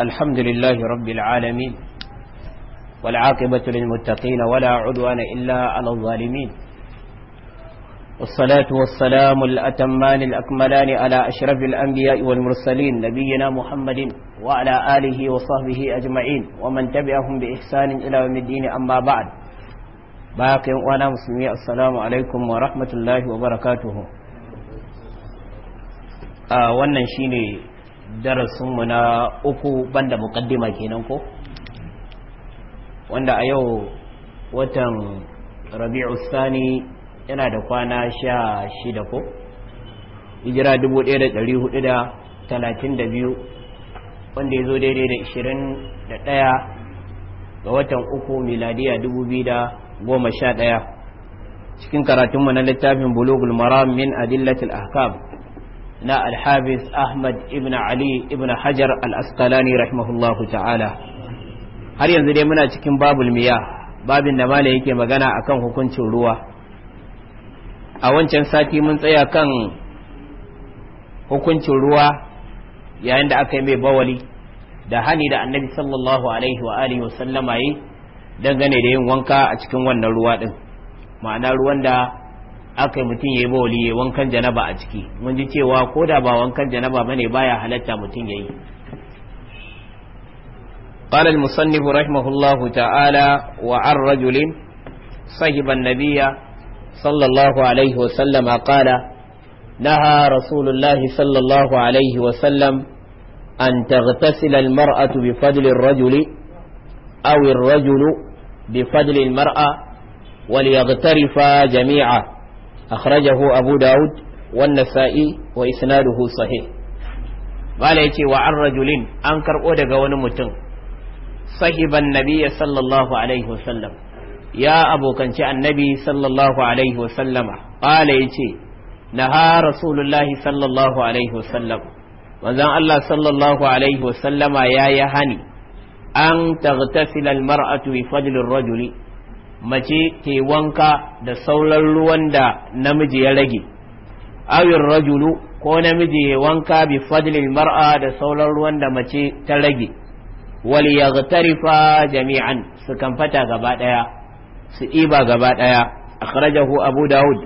الحمد لله رب العالمين والعاقبة للمتقين ولا عدوان إلا على الظالمين والصلاة والسلام الأتمان الأكملان على أشرف الأنبياء والمرسلين نبينا محمد وعلى آله وصحبه أجمعين ومن تبعهم بإحسان إلى يوم الدين أما بعد باقي وأنا مسلمي السلام عليكم ورحمة الله وبركاته آه wannan shine darasinmu na uku banda mukaddima kenan ko wanda a yau watan rabi'u sani yana da kwana sha shida ko hijira 1432 wanda ya zo daidai da 21 ga watan uku miladiya 2011 cikin karatunmu na littafin bulogul maram min adillatul ahkam na alhabis ahmad ibn ali ibn hajar al-asqalani rahimahullahu ta'ala har yanzu dai muna cikin babul miya babin da mala yake magana akan hukuncin ruwa a wancan sati mun tsaya kan hukuncin ruwa yayin da aka yi mai bawali da hani da annabi sallallahu alaihi wa alihi wa sallama yi dangane da yin wanka a cikin wannan ruwa din ma'ana ruwan da aka mutum ya yi bawali ya wankan janaba a ciki mun ji cewa ko da ba wankan janaba bane baya halatta mutum ya yi قال المصنف رحمه الله تعالى وعن رجل صهب النبي صلى الله عليه وسلم قال نهى رسول الله صلى الله عليه وسلم أن تغتسل المرأة بفضل الرجل أو الرجل بفضل المرأة وليغترفا جميعا akhrajahu abu Dawud wan nasa'i wa isnaduhu sahih bala yace wa an rajulin an karɓo daga wani mutum sahiban nabiyya sallallahu alaihi wasallam ya abokanci annabi sallallahu alaihi wasallama bala yace naha rasulullahi sallallahu alaihi wasallam manzon Allah sallallahu alaihi wasallama ya yi hani an taghtasila almar'atu bi fadli ar-rajuli mace ke wanka da sauran ruwan da namiji ya rage awin rajulu ko namiji ya wanka bi fadlil mar'a da sauran ruwan da mace ta rage wal yaghtarifa jami'an su kamfata gaba daya su iba gaba daya akhrajahu abu daud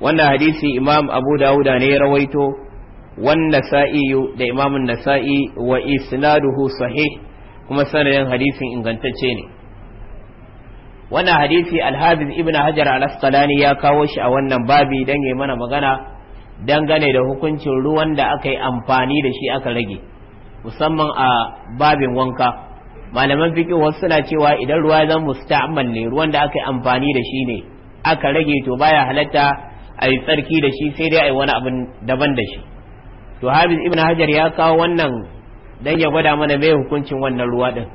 wannan hadisi imam abu dauda ne ya rawaito wanda sa'i da imamun nasa'i wa isnaduhu sahih kuma sanadin hadisin ingantacce ne wannan hadisi alhafiz ibn hajar al-asqalani ya kawo shi a wannan babi dan yayi mana magana dangane da hukuncin ruwan da aka yi amfani da shi aka rage musamman a babin wanka malaman fiqh wasu suna cewa idan ruwa ya zama musta'mal ne ruwan da aka yi amfani da shi ne aka rage to baya halatta a yi tsarki da shi sai dai a yi wani abin daban da shi to hafiz ibn hajar ya kawo wannan dan ya gwada mana me hukuncin wannan ruwa din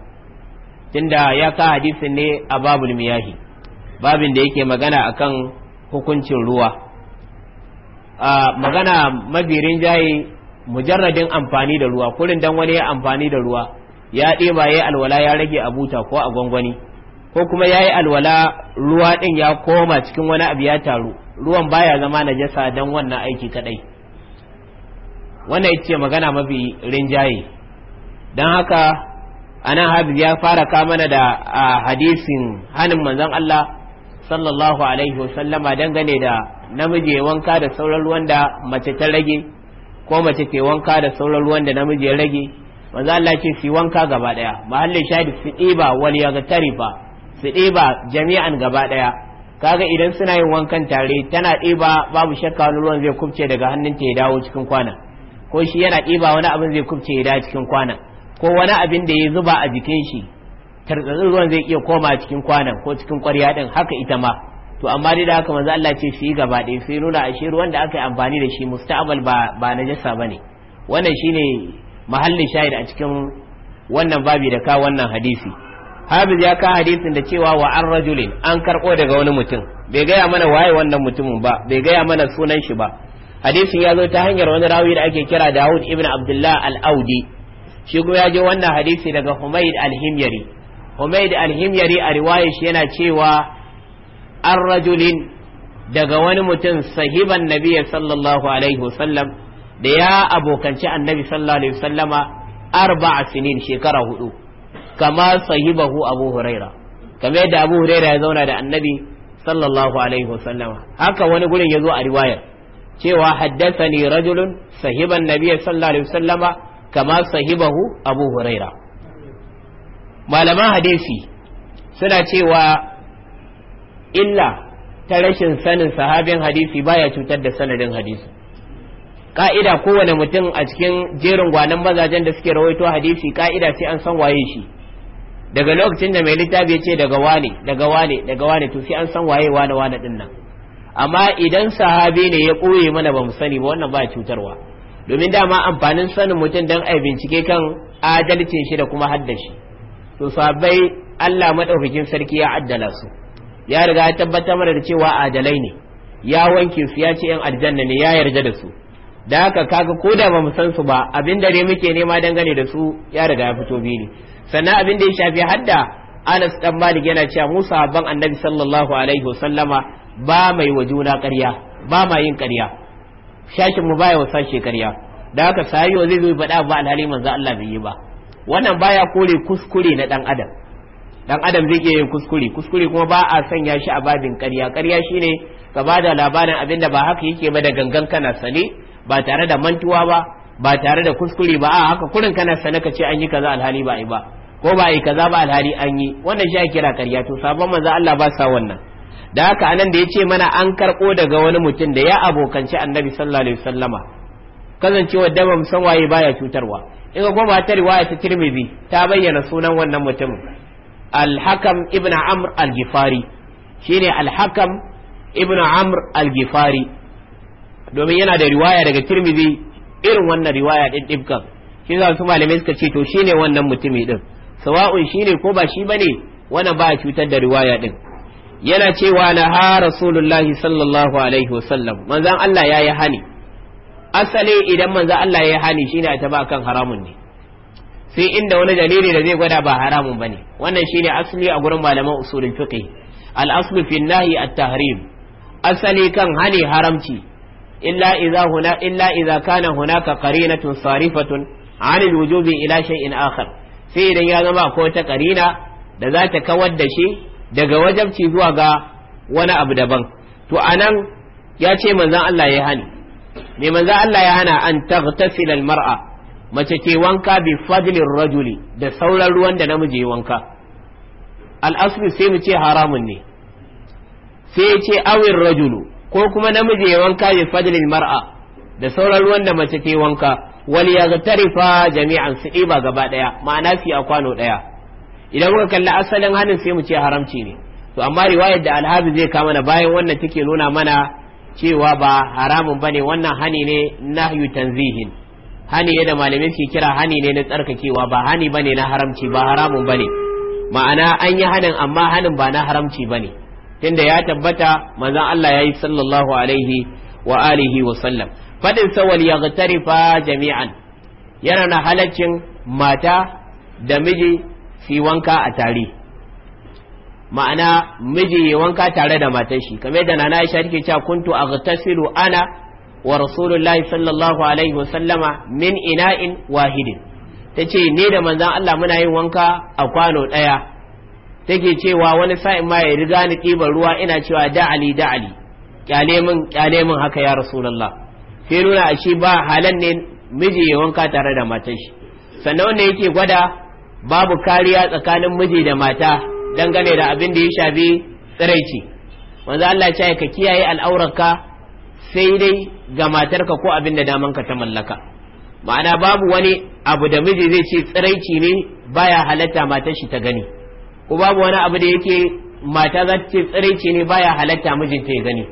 tunda ya ka hadisin ne a babul miyahi babin da yake magana akan hukuncin ruwa a magana mabirin jayi mujarradin amfani da ruwa kurin dan wani ya amfani da ruwa ya ɗeba ya alwala ya rage a buta ko a gwangwani ko kuma ya yi alwala ruwa ɗin ya koma cikin wani abu ya taru ruwan baya zama na jasa dan wannan aiki kadai wannan ita ce magana mafi rinjaye don haka anan hadis ya fara kamana da hadisin hanin manzon Allah sallallahu alaihi wasallama dangane da namiji wanka da sauran ruwan da mace ta rage ko mace ke wanka da sauran ruwan da namiji ya rage manzon Allah ce su wanka gaba daya mahallin Shadi su ɗiba wal yagtarifa su ɗiba jami'an gaba daya kaga idan suna yin wankan tare tana ɗiba babu shakka wani ruwan zai kubce daga hannunta ya dawo cikin kwana ko shi yana ɗiba wani abin zai kubce ya dawo cikin kwana ko wani abin da ya zuba a jikin shi tartsatsin ruwan zai iya koma cikin kwanan ko cikin kwarya din haka ita ma to amma dai da haka manzo Allah ce shi yi gaba ɗaya sai nuna ashe ruwan da aka yi amfani da shi musta'abal ba ba najasa bane wannan shine mahallin shahid a cikin wannan babi da ka wannan hadisi Habib ya ka hadisin da cewa wa an rajulin an karɓo daga wani mutum bai gaya mana waye wannan mutumin ba bai gaya mana sunan shi ba hadisin ya zo ta hanyar wani rawi da ake kira Dawud ibn Abdullah al-Audi shi kuma ya je wannan hadisi daga Humaid al-Himyari Humaid al a riwayar shi yana cewa an rajulin daga wani mutum sahiban nabiya sallallahu alaihi wasallam da ya abokanci annabi sallallahu alaihi wasallama arba'a sinin shekara hudu kama sahibahu abu huraira kamar yadda abu huraira ya zauna da annabi sallallahu alaihi wasallama haka wani gurin ya zo a riwayar cewa haddasa ne rajulun sahiban nabiya sallallahu alaihi wasallama kama sahibahu abu huraira malaman hadisi suna cewa illa ta rashin sanin sahabin hadisi baya cutar da sanadin hadisi ka'ida kowane mutum a cikin jerin gwanan mazajen da suke rawaito hadisi ka'ida sai an san waye shi daga lokacin da mai littafi ya ce daga wane daga wane daga wane to sai an san waye wane wane din nan amma idan sahabi ne ya koye mana ba mu sani ba wannan ba cutarwa domin dama amfanin sanin mutum don a bincike kan adalcin shi da kuma haddashi to sabai Allah maɗaukakin sarki ya addala su ya riga ya tabbatar mana da cewa adalai ne ya wanke su ya ce yan aljanna ne ya yarda da su da haka kaga ko da ba mu san su ba abin da dai muke nema dangane da su ya riga ya fito ne. sannan abin da ya shafi hadda Anas dan Malik yana cewa Musa sahabban Annabi sallallahu alaihi wasallama ba mai wa juna ƙarya ba ma yin ƙarya shakin mu baya wasa shekarya da haka sahiyo zai zo faɗa ba alhali manzo Allah bai yi ba wannan baya kore kuskure na dan adam dan adam zai iya yin kuskure kuskure kuma ba a sanya shi a babin ƙarya ƙarya shine ka ba da labarin abinda ba haka yake ba da gangan kana sane ba tare da mantuwa ba ba tare da kuskure ba a haka kurin kana sane ka ce an yi kaza alhali ba yi ba ko ba yi kaza ba alhali an yi wannan shi kira ƙarya to sabon manzo Allah ba sa wannan da haka anan da ya ce mana an karɓo daga wani mutum da ya abokanci annabi sallallahu alaihi wasallama kazancewa da ba san waye baya cutarwa in ga goma ta riwaya ta tirmidhi ta bayyana sunan wannan mutumin al-hakam ibn amr al-gifari shine al-hakam ibn amr al-gifari domin yana da riwaya daga tirmidhi irin wannan riwaya din dibkan shi za su malamai suka ce to shine wannan mutumi din sawa'un shine ko ba shi bane wannan baya cutar da riwaya din yana cewa na ha rasulullahi sallallahu alaihi wasallam manzan Allah ya yi hani asali idan manzan Allah ya yi hani shine a taba kan haramun ne sai inda wani dalili da zai gwada ba haramun bane wannan shine asali a gurin malaman usulin fiqh al aslu fi nahi at tahrim asali kan hani haramci illa idza huna illa idza kana hunaka qarinatun sarifatun an al wujubi ila shay'in akhar sai idan ya zama ko wata qarina da za ta kawar da shi daga wajabci zuwa ga wani abu daban to anan ya ce manzan Allah ya hani me manzan Allah ya hana an taghtasil al mar'a mace ke wanka bi fadlir rajuli da sauran ruwan da namiji ya wanka al asli sai mu ce haramun ne sai ya ce awir rajulu ko kuma namiji ya wanka bi fadlin mar'a da sauran ruwan da mace ke wanka wal yaghtarifa jami'an su ba gaba ɗaya ma'ana fi a kwano ɗaya idan kuka kalli asalin hanin sai mu ce haramci ne to amma riwayar da alhabi zai kama na bayan wannan take nuna mana cewa ba haramun bane wannan hani ne nahyu tanzihin hani ne da malamai suke kira hani ne na tsarkakewa ba hani bane na haramci ba haramun bane ma'ana an yi hanin amma hanin ba na haramci bane tunda ya tabbata manzon Allah yayi sallallahu alaihi wa alihi wa sallam fadin sawal yaghtarifa jami'an yana na halaccin mata da miji su wanka a tare ma'ana miji ya wanka tare da matan shi kamar da nana Aisha take cewa kuntu aghtasilu ana wa rasulullahi sallallahu alaihi wa sallama min ina'in wahidin tace ne da manzon Allah muna yin wanka a kwano daya take cewa wani sa'in ma ya riga ni ɗiban ruwa ina cewa da'ali da'ali kyale min kyale min haka ya rasulullah sai nuna a shi ba halan ne miji ya wanka tare da matan shi sannan wanda yake gwada babu kariya tsakanin miji da mata dangane da abin da ya shafi tsiraici wanzu Allah ya ka kiyaye al'aurarka sai dai ga matarka ko abin da damanka ta mallaka ma'ana babu wani abu da miji zai ce tsiraici ne baya halatta matar shi ta gani ko babu wani abu da yake mata za ta ce tsiraici ne baya halatta mijinta ta gani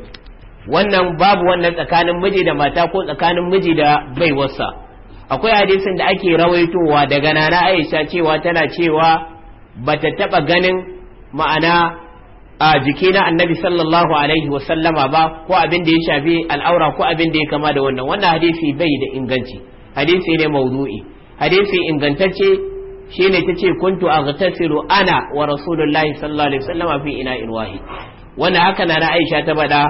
wannan babu wannan tsakanin miji da mata ko tsakanin miji da baiwarsa akwai hadisin da ake rawaitowa daga nana aisha cewa tana cewa bata taba ganin ma'ana a jiki na annabi sallallahu alaihi wasallama ba ko abin da ya shafi al'aura ko abin da ya kama da wannan wannan hadisi bai da inganci hadisi ne mawdu'i hadisi ingantacce shine tace kuntu aghtasilu ana wa rasulullahi sallallahu alaihi wasallama fi ina wahid wannan haka Nana Aisha ta bada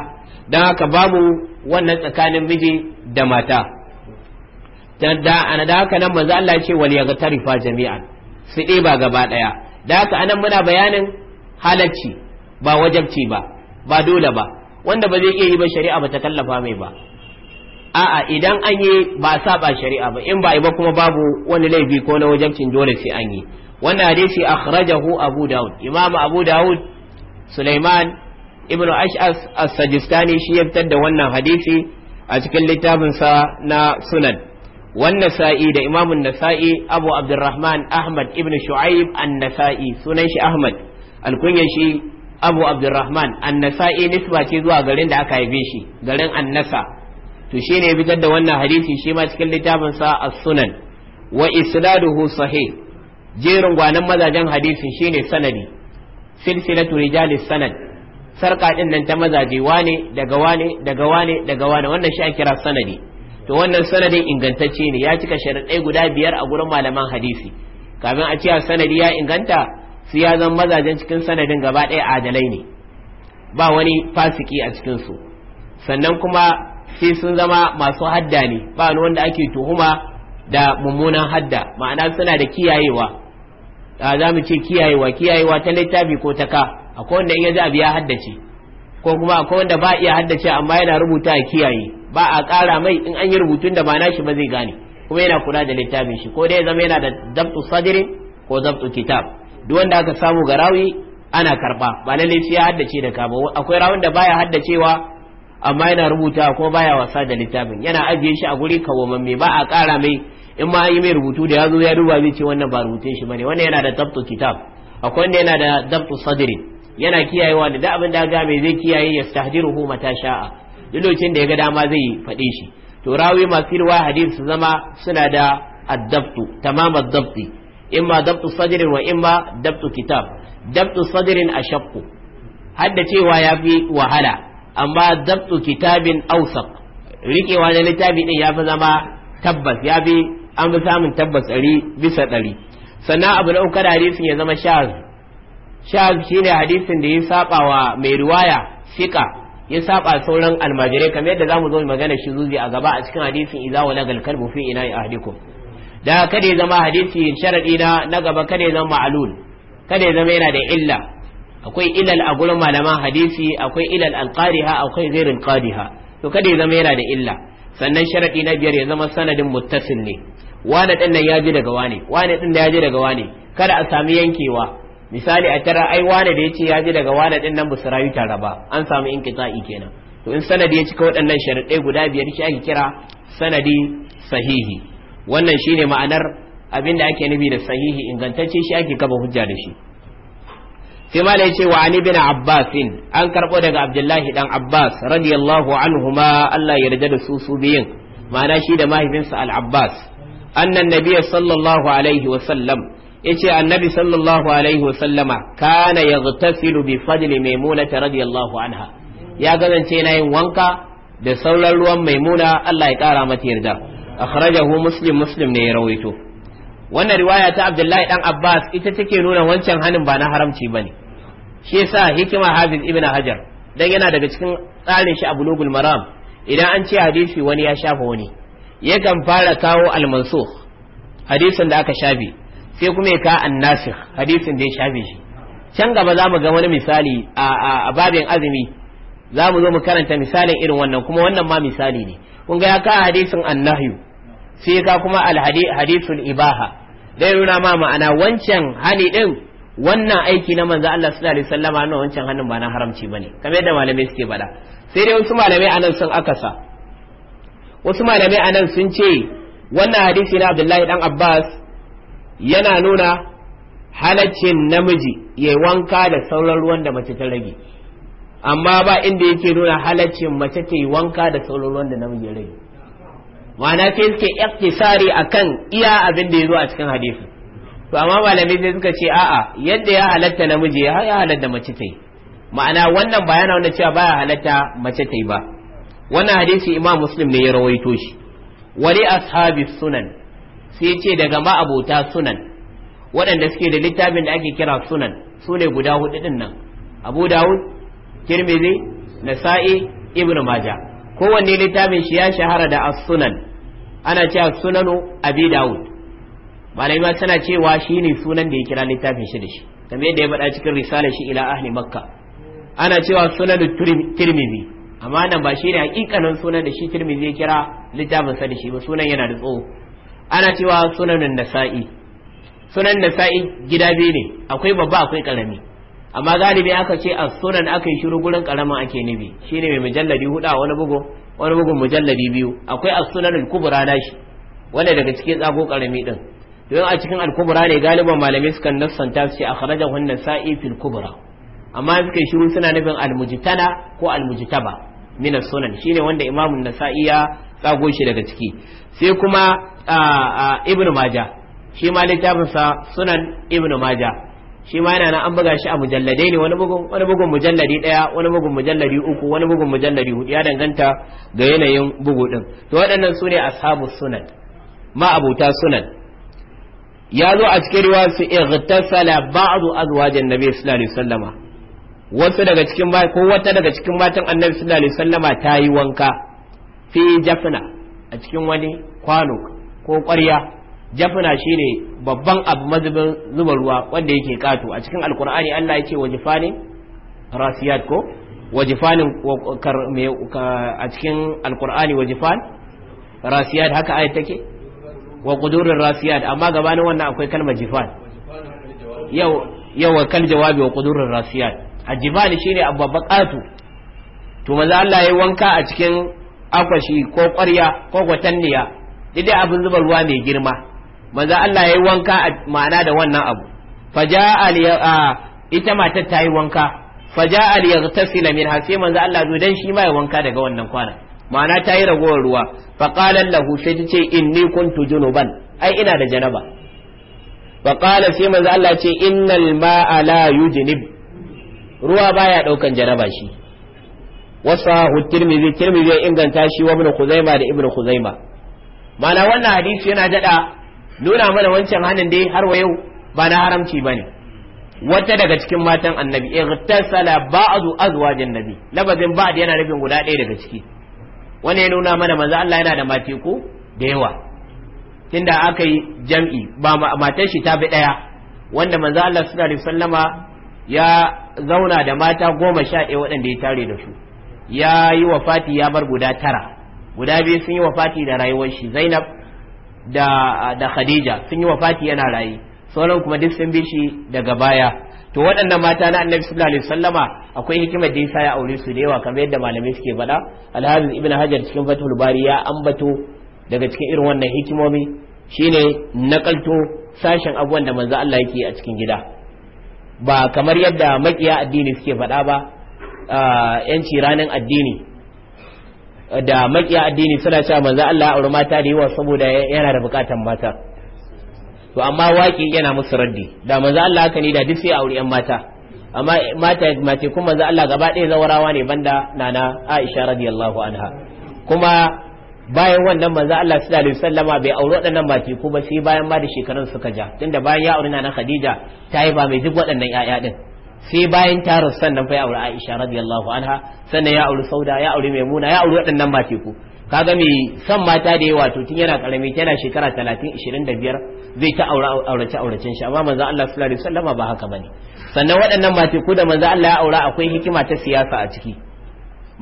dan haka babu wannan tsakanin miji da mata dan da ana da haka nan manzo Allah ya ce wal yaghtarifa jami'an su ba gaba ɗaya da haka anan muna bayanin halacci ba wajabci ba ba dole ba wanda ba zai iya yi ba shari'a ba ta kallafa mai ba a'a idan an yi ba saba shari'a ba in ba yi ba kuma babu wani laifi ko na wajabcin dole sai an yi wannan hadisi akhrajahu abu daud imam abu daud sulaiman ibnu ash'as as-sajistani shi ya fitar da wannan hadisi a cikin littafinsa na sunan wannan sa'i da Imam an-Nasa'i Abu Abdurrahman Ahmad ibn Shu'aib an-Nasa'i sunan shi Ahmad al-kunya shi Abu Abdurrahman an-Nasa'i nisba ce zuwa garin da aka haife shi garin annasa. nasa to shine ya fitar da wannan hadisi shima cikin littafin sa as-Sunan wa isnaduhu sahih jerin gwanin mazajin hadisin shine sanadi silsilatu rijalis sanad sarka nan ta mazaje wane daga wane daga wane daga wane wannan shi ake kira sanadi to wannan sanadin ingantacce ne ya cika sharaɗai guda biyar a gurin malaman hadisi kafin a ce sanadi ya inganta su ya zan mazajen cikin sanadin gaba ɗaya adalai ne ba wani fasiki a cikinsu sannan kuma sai sun zama masu hadda ne ba wani wanda ake tuhuma da mummunan hadda ma'ana suna da kiyayewa a za mu ce kiyayewa kiyayewa ta littafi ko ta ka akwai wanda in ya ji abu ya haddace ko kuma akwai wanda ba iya haddace amma yana rubuta a kiyaye ba a ƙara mai in an yi rubutun da ba na shi ba zai gane kuma yana kula da littafin shi ko dai zama yana da zabtu sadirin ko zabtu kitab duk wanda aka samu ga rawi ana karba ba lalle sai ya haddace da ka ba akwai rawin da baya haddacewa amma yana rubuta ko baya wasa da littafin yana ajiye shi a guri kawamamme ba a ƙara mai in ma yi mai rubutu da ya zo ya duba zai ce wannan ba rubutun shi bane wannan yana da zabtu kitab akwai wanda yana da zabtu sadirin yana kiyayewa da duk abin da ga mai zai kiyaye ya stahdiruhu mata sha'a duk lokacin da ya ga dama zai yi faɗe shi to rawi masu riwaya hadisi su zama suna da addabtu tamam in ma dabtu sadirin wa imma dabtu kitab dabtu sadrin ashaqqu hadda cewa ya fi wahala amma dabtu kitabin ausaf rikewa na littafi din ya fi zama tabbas ya fi an fi samun tabbas ɗari bisa ɗari sannan abu na uku hadisin ya zama shaz shaz shine hadisin da ya saba wa mai riwaya fiqa ya saba sauran almajirai kamar yadda zamu zo magana shi zuzi a gaba a cikin hadisin idza wala gal kalbu fi ina ahdikum da kada ya zama hadisi sharadi na na gaba kada ya zama ma'lul kada ya zama yana da illa akwai ilal a gurin malaman hadisi akwai ilal alqariha akwai ghairin qadiha to kada ya zama yana da illa sannan sharadi na biyar ya zama sanadin muttasil ne wani din nan ya ji daga wani wani din da ya ji daga wani kada a sami yankewa misali a tara ai wane da yace ya ji daga wane din nan busu tare ba an samu inqita'i kenan to in sanadi ya cika waɗannan sharaɗai guda biyar shi ake kira sanadi sahihi wannan shine ma'anar abin da ake nufi da sahihi ingantacce shi ake kaba hujja da shi sai ma ce wa ani bin abbasin an karbo daga abdullahi dan abbas radiyallahu anhuma allah yarda da su su biyin ma'ana shi da mahaifinsa al-abbas annan nabiyyi sallallahu alaihi wa sallam yace annabi sallallahu alaihi wasallama kana yaghtasilu bi fadli ta radiyallahu anha ya gazance na yin wanka da sauran ruwan maimuna Allah ya kara mata yarda akhrajahu muslim muslim ne ya rawaito wannan riwaya ta abdullahi dan abbas ita take nuna wancan hanin ba na haramci bane shi yasa hikima hafiz ibn hajar dan yana daga cikin tsarin shi a bulugul maram idan an ce hadisi wani ya shafa wani yakan fara kawo al-mansukh hadisin da aka shafe sai kuma ya ka nasir hadisin da ya shafe shi can gaba za mu ga wani misali a babin azumi za mu zo mu karanta misalin irin wannan kuma wannan ma misali ne kun ga ya ka hadisin annahyu sai ka kuma alhadisul ibaha dai nuna ma ma'ana wancan hani din wannan aiki na manzo Allah sallallahu alaihi wasallama na wancan hannun ba na haramci bane kamar yadda malamai suke bada sai dai wasu malamai anan sun akasa wasu malamai anan sun ce wannan hadisi na Abdullahi dan Abbas yana nuna halaccin namiji ya wanka da sauran ruwan da mace ta rage amma ba inda yake nuna halaccin mace ta yi wanka da sauran ruwan da namiji ya rage ma'ana sai suke a akan iya abin da ya zo a cikin hadisi to amma malamai sai suka ce a'a yadda ya halatta namiji ya halatta mace ta yi ma'ana wannan ba yana wanda cewa baya halatta mace ta yi ba wannan hadisi imam muslim ne ya rawaito shi Wani ashabi sunan sai ce daga ma'abota sunan waɗanda suke da littafin da ake kira sunan su ne guda hudu din nan abu dawud kirmizi nasa'i ibn maja kowanne littafin shi ya shahara da as-sunan ana cewa sunanu abi dawud malai ma tana cewa shi ne sunan da ya kira littafin shi da shi kamar yadda ya faɗa cikin risalar shi ila ahli makka ana cewa sunanu tirmizi amma nan ba shi ne hakikanin sunan da shi tirmizi ya kira littafin sa da shi ba sunan yana da tsoho ana cewa sunanin nasa'i sunan nasa'i gida biyu ne akwai babba akwai karami amma galibi aka ce a sunan aka yi shiru gurin karamin ake nibi shine mai mujalladi hudu a wani bugu wani bugun mujalladi biyu akwai a sunan al-kubra nashi wanda daga cikin tsago karami din don a cikin al-kubra ne galiban malamai suka nassanta su ce kharaja an-nasa'i fil kubra amma suka shiru suna nufin al-mujtana ko al-mujtaba min as-sunan shine wanda imamun nasa'i ya tsago shi daga ciki sai kuma ibnu maja shi ma littafinsa sunan ibnu maja shi ma yana nan an buga shi a mujalladai ne wani bugun wani bugun mujalladi daya wani bugun mujalladi uku wani bugun mujalladi hudu ya danganta ga yanayin bugu din to waɗannan su ne ashabu sunan ma abuta sunan ya zo a cikin riwa su ightasala ba'du azwajin nabi sallallahu alaihi wasallama wasu daga cikin ko wata daga cikin matan annabi sallallahu alaihi wasallama ta yi wanka fi jafna a cikin wani kwano ko ƙwarya jafna shine babban abu mazubin zuba ruwa wanda yake kato a cikin alkur'ani Allah ya yake wajifanin rasiyat ko wajifanin a cikin alkur'ani wajifan rasiyat haka ayat take wa kudurin rasiyat amma gabanin wannan akwai kalmar jifan yau wa kan jawabi wa a rasiyat shi shine abu babban kato to maza Allah ya yi wanka a cikin akwashi ko ƙwarya ko gwatanniya dai abin zuba ruwa mai girma manzo Allah yayi wanka a ma'ana da wannan abu faja'a ita matar ta yi wanka ta yaghtasila min hafi manzo Allah zo dan shi ma ya wanka daga wannan kwana ma'ana ta yi ragowar ruwa fa qala lahu sai ta ce inni kuntu junuban ai ina da janaba fa qala sai manzo Allah ce innal ma'a la yujnib ruwa baya daukan janaba shi wasa tirmidhi kirmi ya inganta shi wa ibn khuzaima da ibn khuzaima mana wannan hadisi yana dada nuna mana wancan hanin dai har wa yau ba na haramci bane wata daga cikin matan annabi ightasala ba'du azwajin nabi labazin ba'd yana rubin guda ɗaya daga ciki wannan ya nuna mana manzo Allah yana da mateku da yawa tunda aka yi jam'i ba matar shi ta bi ɗaya wanda manzo Allah sallallahu alaihi wasallama ya zauna da mata goma sha ɗaya waɗanda ya tare da su ya yi Fati ya bar guda tara guda biyu sun yi Fati da rayuwar shi zainab da khadija sun yi wa wafati yana rayu sauran kuma duk sun bi shi daga baya to waɗannan mata na annabi sallallahu alaihi wasallama akwai hikimar da yasa ya aure su da yawa kamar yadda malamai suke faɗa Alhamis ibnu hajar cikin fathul bari ya ambato daga cikin irin wannan hikimomi shine nakalto sashen abubuwan da manzo Allah yake a cikin gida ba kamar yadda makiya addini suke faɗa ba yanci ranar addini da makiya addini suna cewa manzo Allah aure mata da yawa saboda yana da bukatan mata to amma waki yana musu raddi da manzo Allah haka ne da duk sai aure yan mata amma mata mace kuma manzo Allah gaba ɗaya zawarawa ne banda nana Aisha radiyallahu anha kuma bayan wannan manzo Allah sallallahu alaihi wasallama bai auri waɗannan mace ko ba sai bayan ma da shekarun suka ja tunda bayan ya auri nana Khadija ta yi ba mai duk waɗannan ƴaƴa din sai bayan tarin sannan fa ya aure Aisha radiyallahu anha sannan ya aure Sauda ya aure Maimuna ya aure waɗannan mateku kaga mai son mata da yawa to tun yana karami tana shekara 30 25 zai ta aure aurace auracen shi amma manzo Allah sallallahu alaihi wasallama ba haka bane sannan waɗannan mateku da manzo Allah ya aura akwai hikima ta siyasa a ciki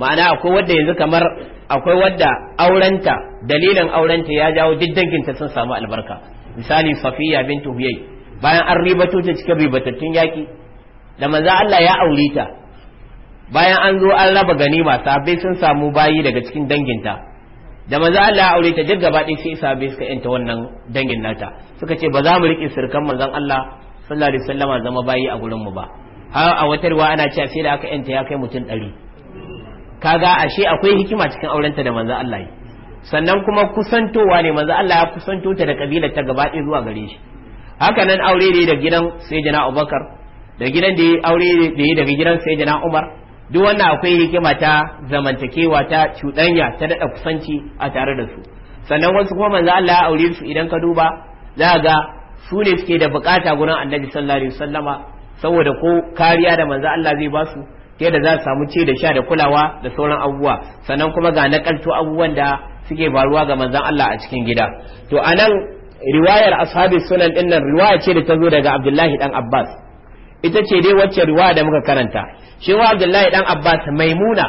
ma'ana akwai wanda yanzu kamar akwai wadda aurenta dalilin aurenta ya jawo ta sun samu albarka misali Safiya bintu Huyay bayan an ribato ta cikin ribatattun yaki da manzo Allah ya aure ta bayan an zo an raba gani ganima sahabbai sun samu bayi daga cikin danginta da manzo Allah ya aure ta duk gaba ɗaya sai bai suka yanta wannan dangin nata suka ce ba za mu riƙe sirkan manzon Allah sallallahu alaihi wasallam zama bayi a gurin mu ba har a wata ruwa ana cewa sai da aka yanta ya kai mutum ɗari kaga ashe akwai hikima cikin aurenta da manzo Allah yi sannan kuma kusantowa ne manzo Allah ya kusanto ta da kabilar ta gaba ɗaya zuwa gare shi hakanan aure ne da gidan sayyidina Abubakar da gidan da ya aure da ya daga gidan sai jana umar duk wannan akwai hikima ta zamantakewa ta cuɗanya ta daɗa kusanci a tare da su sannan wasu kuma manza Allah ya aure su idan ka duba za ga su ne suke da bukata gurin annabi sallallahu alaihi wasallama saboda ko kariya da manzo Allah zai ba su ke da za su samu ce da sha da kulawa da sauran abubuwa sannan kuma ga nakalto abubuwan da suke faruwa ga manzan Allah a cikin gida to anan riwayar ashabi sunan dinnan riwaya ce da ta zo daga Abdullahi dan Abbas ita ce dai wacce ruwa da muka karanta shi wa abdullahi dan abbas maimuna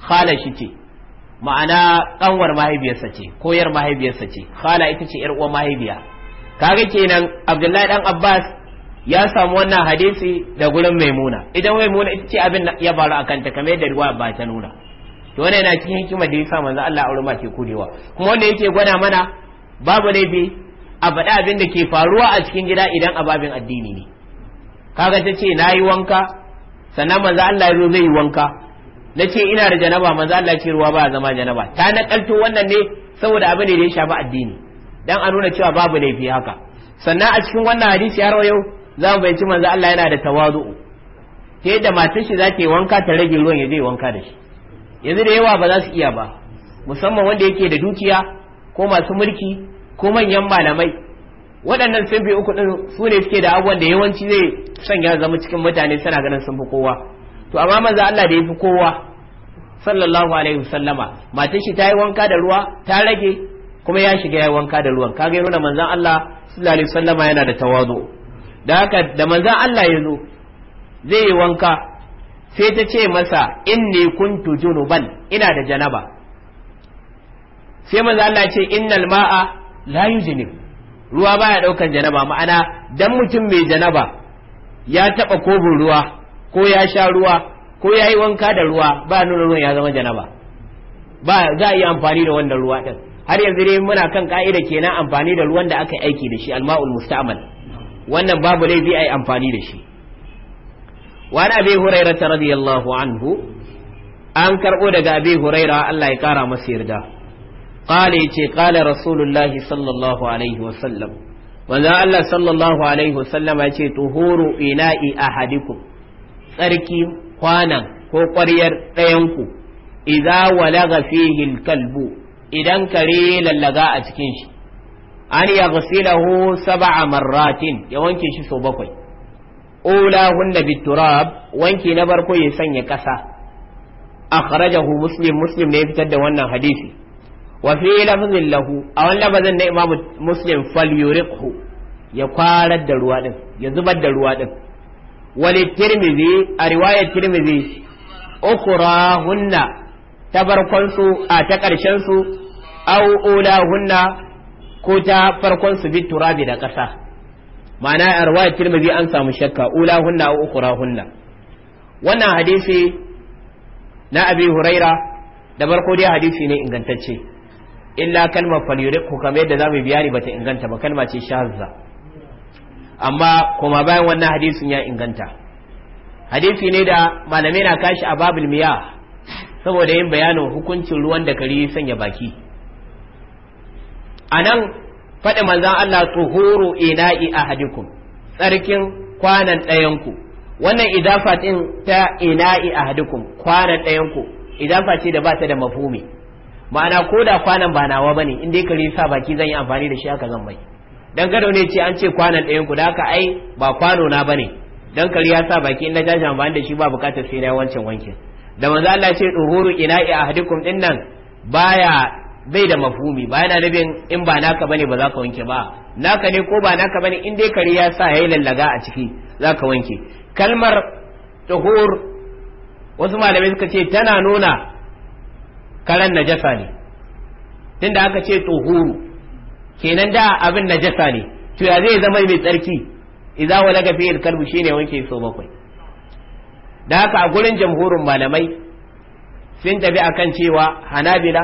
khala shi ce ma'ana kanwar mahaifiyarsa ce koyar mahaifiyarsa ce khala ita ce yar uwar mahaifiya kaga kenan abdullahi dan abbas ya samu wannan hadisi da gurin maimuna idan maimuna ita ce abin ya faru akan ta kamar da riwaya ba ta nuna to wannan yana cikin hikimar da yasa manzo Allah aure ma ke kudewa kuma wanda yake gwada mana babu laifi a faɗa abin da ke faruwa a cikin gida idan ababin addini ne kaga ta ce na yi wanka sannan manzo Allah ya zo zai yi wanka na ce ina da janaba manzo Allah ce ruwa ba zama janaba ta nakalto wannan ne saboda abin da ya shafi addini dan a nuna cewa babu laifi haka sannan a cikin wannan hadisi har yau za mu bayyana manzo Allah yana da tawazu ke da matar shi za ta yi wanka ta rage ruwan ya zai wanka da shi yanzu da yawa ba za su iya ba musamman wanda yake da dukiya ko masu mulki ko manyan malamai waɗannan sun bi uku ɗin su ne suke da abubuwan da yawanci zai shan ya zama cikin mutane suna ganin sun fi kowa to amma manzo Allah da ya fi kowa sallallahu alaihi wasallama matan shi ta yi wanka da ruwa ta rage kuma ya shiga ya wanka da ruwan kaga yana manzon Allah sallallahu alaihi wasallama yana da tawazu da haka da manzon Allah ya zo zai yi wanka sai ta ce masa inni kuntu junuban ina da janaba sai manzo Allah ce innal ma'a la yujnib ruwa baya daukan janaba ma'ana dan mutum mai janaba ya taɓa kobin ruwa ko ya sha ruwa ko ya yi wanka da ruwa ba nuna ruwan ya zama janaba ba za a yi amfani da wannan ruwa din har yanzu dai muna kan ka'ida kenan amfani da ruwan da aka aiki da shi alma'ul musta'mal wannan babu laifi a yi amfani da shi wa na abi hurairah radiyallahu anhu an karɓo daga abi Huraira Allah ya kara masa yarda قال yace qala rasulullahi sallallahu alaihi wa sallam. manzan Allah sallallahu alaihi wasallama ce tuhuru ina'i hadikun. tsarki kwanan ko ƙwaryar ɗayanku idza walaga fihi kalbu idan kare lallaga a cikin shi an ya ghasilahu sab'a marratin ya wanke shi sau bakwai ulahunna biturab wanki na barko ya sanya ƙasa akhrajahu muslim muslim ne fitar da wannan hadisi wa fi lafzin lahu a wani lafazin na imamu muslim falyuriqhu ya kwarar da ruwa ɗin, ya zubar da ruwa ɗin. wali tirmizi a riwayar tirmizi ukura hunna ta farkon a ta ƙarshen su au ula hunna ko ta farkon su bi turabi da ƙasa ma'ana a riwayar tirmizi an samu shakka ula hunna au ukura hunna wannan hadisi na abi huraira da farko dai hadisi ne ingantacce illa kalmar falyuriku kamar yadda zamu biyani bata inganta ba kalma ce shazza amma kuma bayan wannan hadisin ya inganta hadisi ne da malamai na kashi a babul miya saboda yin bayanin hukuncin ruwan da kari sanya baki anan faɗi manzan Allah tuhuru ina'i ahadikum tsarkin kwanan ɗayanku wannan idafa ɗin ta ina'i ahadikum kwanan ɗayanku idafa ce da ba ta da mafumi ma'ana ko da kwanan ba nawa ba in dai kare sa baki zan yi amfani da shi haka zan mai dan gado ne ce an ce kwanan ɗayan ku da haka ai ba kwano na bane dan kari ya sa baki in na tashi amfani da shi ba bukatar sai na wancan wankin da manzo Allah ce duhuru ina'i ahadikum din nan baya bai da mafhumi ba yana nabin in ba naka bane ba za ka wanke ba naka ne ko ba naka bane in dai kari ya sa yayi lallaga a ciki za ka wanke kalmar tuhur wasu malamai suka ce tana nuna karan najasa ne tunda aka ce tuhuru kenan da abin najasa ne to ya zai zama mai tsarki idza walaga fi kalbu shine wanke so bakwai da haka a gurin jamhurin malamai sun tafi akan cewa hanabila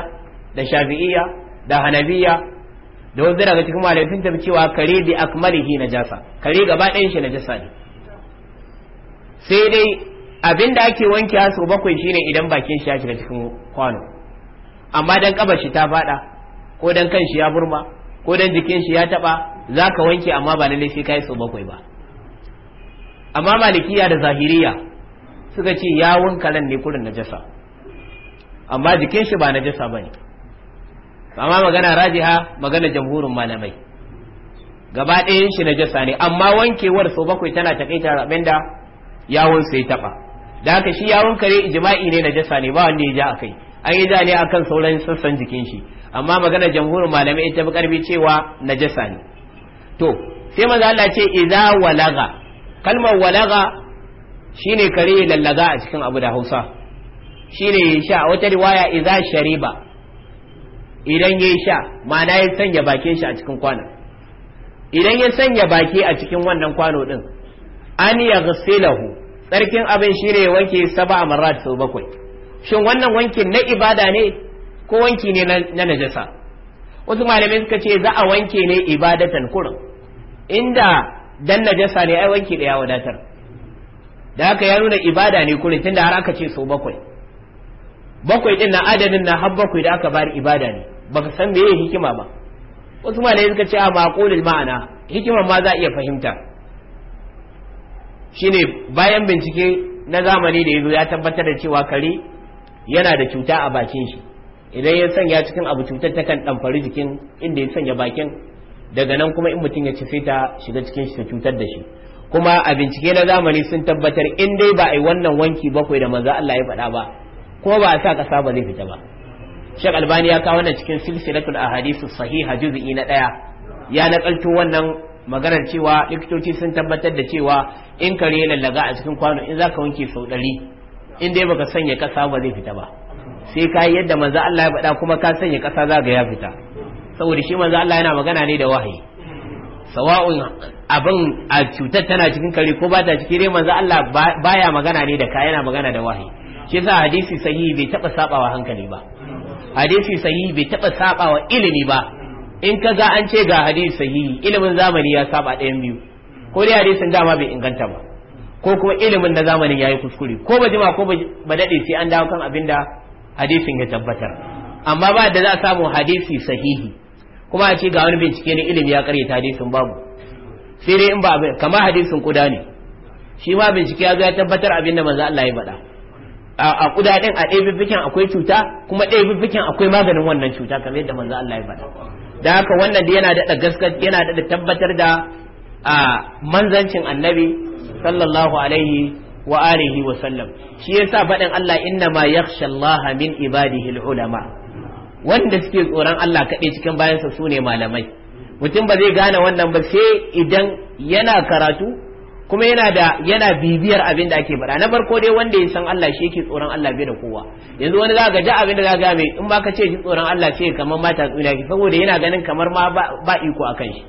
da shafi'iyya da hanabiya da wasu daga cikin malamai sun tafi cewa kare bi akmalihi najasa kare gaba ɗayan shi najasa ne sai dai abin da ake wanke so bakwai shine idan bakin shi ya shiga cikin kwano amma dan kaba shi ta fada ko dan kanshi ya burma ko dan jikin shi ya taba zaka wanke amma ba lalle sai kai so bakwai ba amma malikiya da zahiriya suka ce ya kalan ne kurin najasa amma jikin shi ba najasa bane amma magana rajiha magana jamhurin malamai gaba ɗayan shi najasa ne amma wankewar so bakwai tana takaita rabin da yawon sai taba da haka shi yawun kare ijma'i ne najasa ne ba wanda ya ja a kai an yi ja ne akan sauran sassan jikin shi amma magana jamhurin malamai ita fi karfi cewa na jasa ne to sai maza Allah ce iza walaga kalmar walaga shine kare lallaga a cikin abu da Hausa Shi ne ya sha wata riwaya idza shariba idan ya sha ma'ana ya sanya bakin shi a cikin kwana idan ya sanya baki a cikin wannan kwano din an ya ghasilahu tsarkin abin shi ne wanke saba marrat sau bakwai shin wannan wankin na ibada ne ko wanki ne na najasa wasu malamai suka ce za a wanke ne ibadatan kurin inda dan najasa ne ai wanki ya wadatar da haka ya nuna ibada ne kurin tunda har aka ce so bakwai bakwai din na adadin na har bakwai da aka bari ibada ne baka san meye hikima ba wasu malamai suka ce a maqulul ma'ana hikimar ma za a iya fahimta shine bayan bincike na zamani da yazo ya tabbatar da cewa kare yana da cuta a bakin shi idan ya sanya cikin abu cutar ta kan ɗamfari jikin inda ya sanya bakin daga nan kuma in mutum ya ci sai ta shiga cikin shi ta cutar da shi kuma a bincike na zamani sun tabbatar in dai ba a yi wannan wanki bakwai da maza Allah ya faɗa ba kuma ba a sa ƙasa ba zai fita ba shek Albani ya kawo wannan cikin silsilatul ahadisu sahiha juz'i na ɗaya ya nakalto wannan maganar cewa likitoci sun tabbatar da cewa in kare lallaga a cikin kwano in zaka wanke sau ɗari in dai baka sanya kasa ba zai fita ba sai ka yi yadda manzo Allah ya faɗa kuma ka sanya kasa za ga ya fita saboda shi manzo Allah yana magana ne da wahayi sawa'un abin a cutar tana cikin kare ko ba ta ciki dai manzo Allah baya magana ne da ka yana magana da wahayi shi yasa hadisi sahihi bai taba sabawa hankali ba hadisi sahihi bai taba sabawa ilimi ba in ka ga an ce ga hadisi sahihi ilimin zamani ya saba ɗayan biyu ko dai hadisin dama bai inganta ba ko kuma ilimin na zamanin yayi kuskure ko ba jima ko ba daɗe sai an dawo kan abinda hadisin ya tabbatar amma ba da za a samu hadisi sahihi kuma a ce ga wani bincike na ilimi ya karyata hadisin babu sai dai in ba abin kamar hadisin kuda ne shi ma bincike ya zo ya tabbatar abinda manzo Allah ya faɗa a kuda din a ɗaya akwai cuta kuma ɗaya akwai maganin wannan cuta kamar yadda manzo Allah ya faɗa da haka wannan da yana daɗa gaskiya yana daɗa tabbatar da a manzancin annabi sallallahu alaihi wa alihi wa sallam shi yasa faɗin Allah inna ma yakhsha Allah min ibadihi ulama wanda suke tsoron Allah kaɗai cikin bayan su ne malamai mutum ba zai gane wannan ba sai idan yana karatu kuma yana da yana bibiyar abin da ake faɗa na farko dai wanda ya san Allah shi yake tsoron Allah bai da kowa yanzu wani zaka ga abin da zaka mai in ka ce shi tsoron Allah sai kamar mata tsuna ki saboda yana ganin kamar ma ba iko akan shi